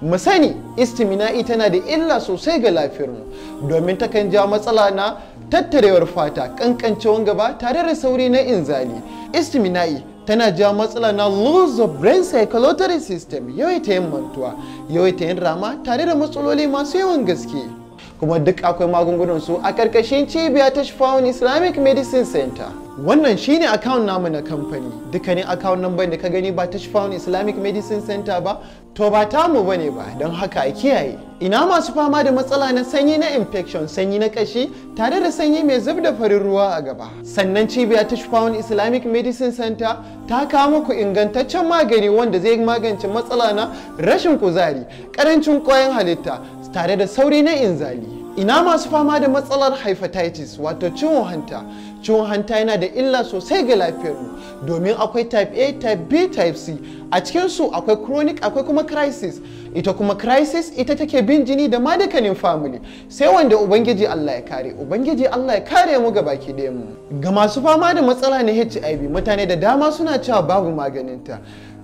S20: mu sani istimina'i tana da illa sosai ga lafiyarmu domin ta kan ja matsala na tattarewar fata kankancewan gaba tare da sauri na inzali istimina'i tana ja matsala na loss of brain circulatory system yawaita yin mantuwa yawaita yin rama tare da matsaloli masu yawan gaske kuma duk akwai magungunan su a karkashin cibiya ta Shifawun Islamic Medicine Center. Wannan shine account namu na kamfani. Dukkanin account number da ka gani ba ta Shifawun Islamic Medicine Center ba, to ba tamu bane ba, don haka a kiyaye. Ina masu fama da matsala na sanyi na infection, sanyi na kashi, tare da sanyi mai zub da farin ruwa a gaba. Sannan cibiya ta Shifawun Islamic Medicine Center ta kawo muku ingantaccen magani wanda zai magance matsala na rashin kuzari, karancin ƙwayan halitta, tare da sauri na inzali ina masu fama da matsalar hepatitis wato ciwon hanta ciwon hanta yana da illa sosai ga lafiyarmu domin akwai type a type b type c a cikinsu akwai chronic akwai kuma crisis ita kuma crisis ita take bin jini da madakanin family sai wanda ubangiji allah ya kare ubangiji allah ya kare mu ga baki ɗaya mu ga masu fama da matsala na hiv mutane da dama suna cewa babu maganinta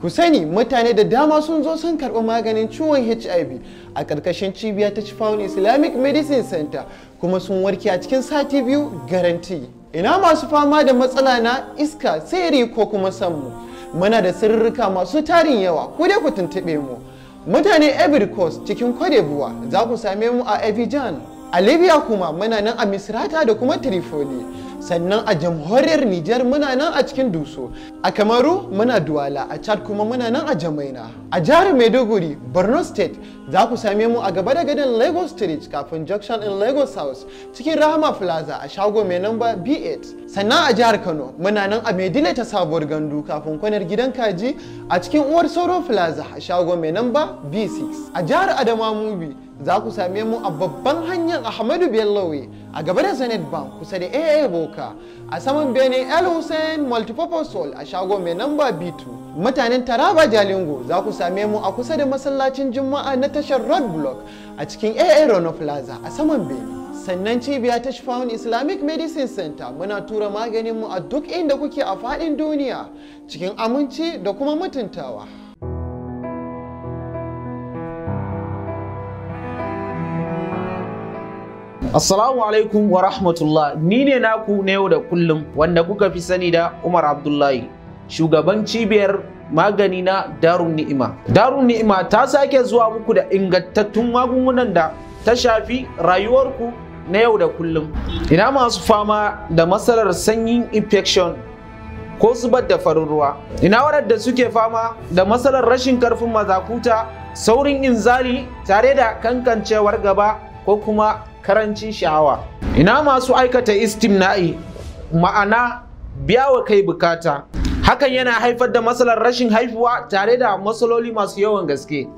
S20: Ku sani mutane da dama sun zo sun karɓi maganin ciwon HIV a ƙarƙashin cibiya ta Chifaun Islamic Medicine Center kuma sun warke a cikin sati biyu garanti. Ina masu fama da matsala na iska, tsere ko kuma sanmu Muna da sirrika masu tarin yawa, ku dai ku tuntuɓe mu. Mutane Ivory Coast cikin Kwadebuwa za ku same mu a Abidjan. A Libya kuma muna nan a Misrata da kuma Tripoli. sannan a jamhuriyar Nijar muna nan a cikin Duso a Kamaru muna Duwala a Chad kuma muna nan a Jamaina a jihar Maiduguri Borno State za ku same mu a gaba da gadon Lagos Street kafin Junction in Lagos House cikin Rahama Plaza a shago mai namba B8 sannan a jihar Kano muna nan a Maidile ta sabuwar gandu kafin kwanar gidan kaji a cikin Uwar Soro Plaza a shago mai namba B6 a jihar Adamawa movie. za ku same mu a babban hanyar Ahmadu Bellowe a gaba da Zenith Bank kusa da AA Boka a saman Bene El Hussein Multipurpose a shago mai namba B2. Mutanen Taraba Jalingo za ku same mu a kusa da masallacin Juma'a na tashar Road Block a cikin AA Rono Plaza a saman Bene. sannan cibiya ta Shifahun Islamic Medicine Center muna tura maganinmu a duk inda kuke a faɗin duniya cikin aminci da kuma mutuntawa.
S25: Assalamu alaikum wa rahmatullah ni ne naku na yau da kullum wanda kuka fi sani da Umar Abdullahi shugaban cibiyar magani na Darun Ni'ima. Darun Ni'ima ta sake zuwa muku da ingantattun magungunan da ta shafi rayuwarku na yau da kullum. Ina masu fama da matsalar sanyin infection ko zubar da farin ruwa. Ina waɗanda suke fama da matsalar rashin karfin mazakuta saurin inzali tare da kankancewar gaba ko kuma karancin sha'awa ina masu aikata istimna'i ma'ana biya wa kai bukata hakan yana haifar da matsalar rashin haihuwa tare da matsaloli masu yawan gaske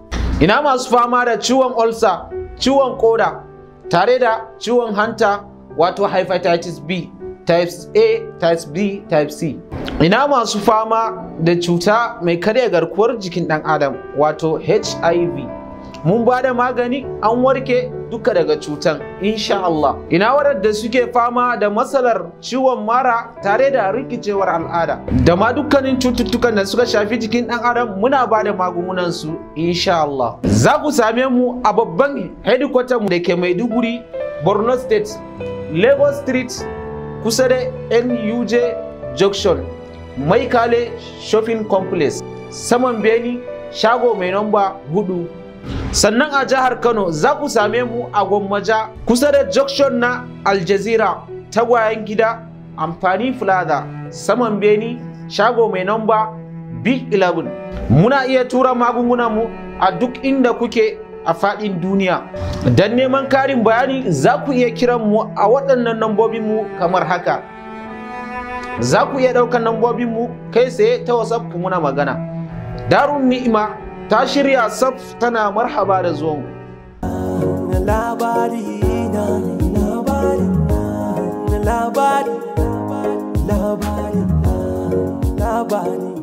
S25: ina masu fama da ciwon ulsa ciwon koda tare da ciwon hanta wato hepatitis b types a types b type c ina masu fama da cuta mai karya garkuwar jikin ɗan adam wato hiv mun ba da magani an warke duka daga cutan insha Allah ina waɗanda suke fama da matsalar ciwon mara tare da rikicewar al'ada da ma dukkanin cututtukan da suka shafi jikin ɗan adam muna ba da magungunan su insha Allah za ku same mu a babban headquarter mu da ke Maiduguri Borno State Lagos Street kusa da NUJ Junction Maikale Shopping Complex saman Beni shago mai Nomba hudu sannan a jihar kano za ku same mu a gwammaja kusa da junction na aljazira tagwayen gida amfani plaza saman beni shago mai namba b11 muna iya tura magungunan mu a duk inda kuke a fadin duniya don neman karin bayani za ku iya kiran mu a waɗannan nambobin mu kamar haka za ku iya ɗaukar nambobin mu kai tsaye ta whatsapp muna magana darun ni'ima ta shirya saf tana marhaba da zuwan labari na labari labari labari
S11: labari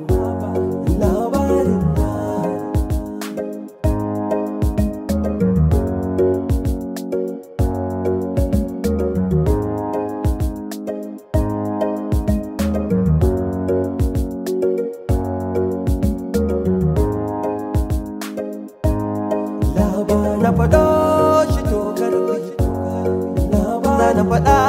S10: faɗa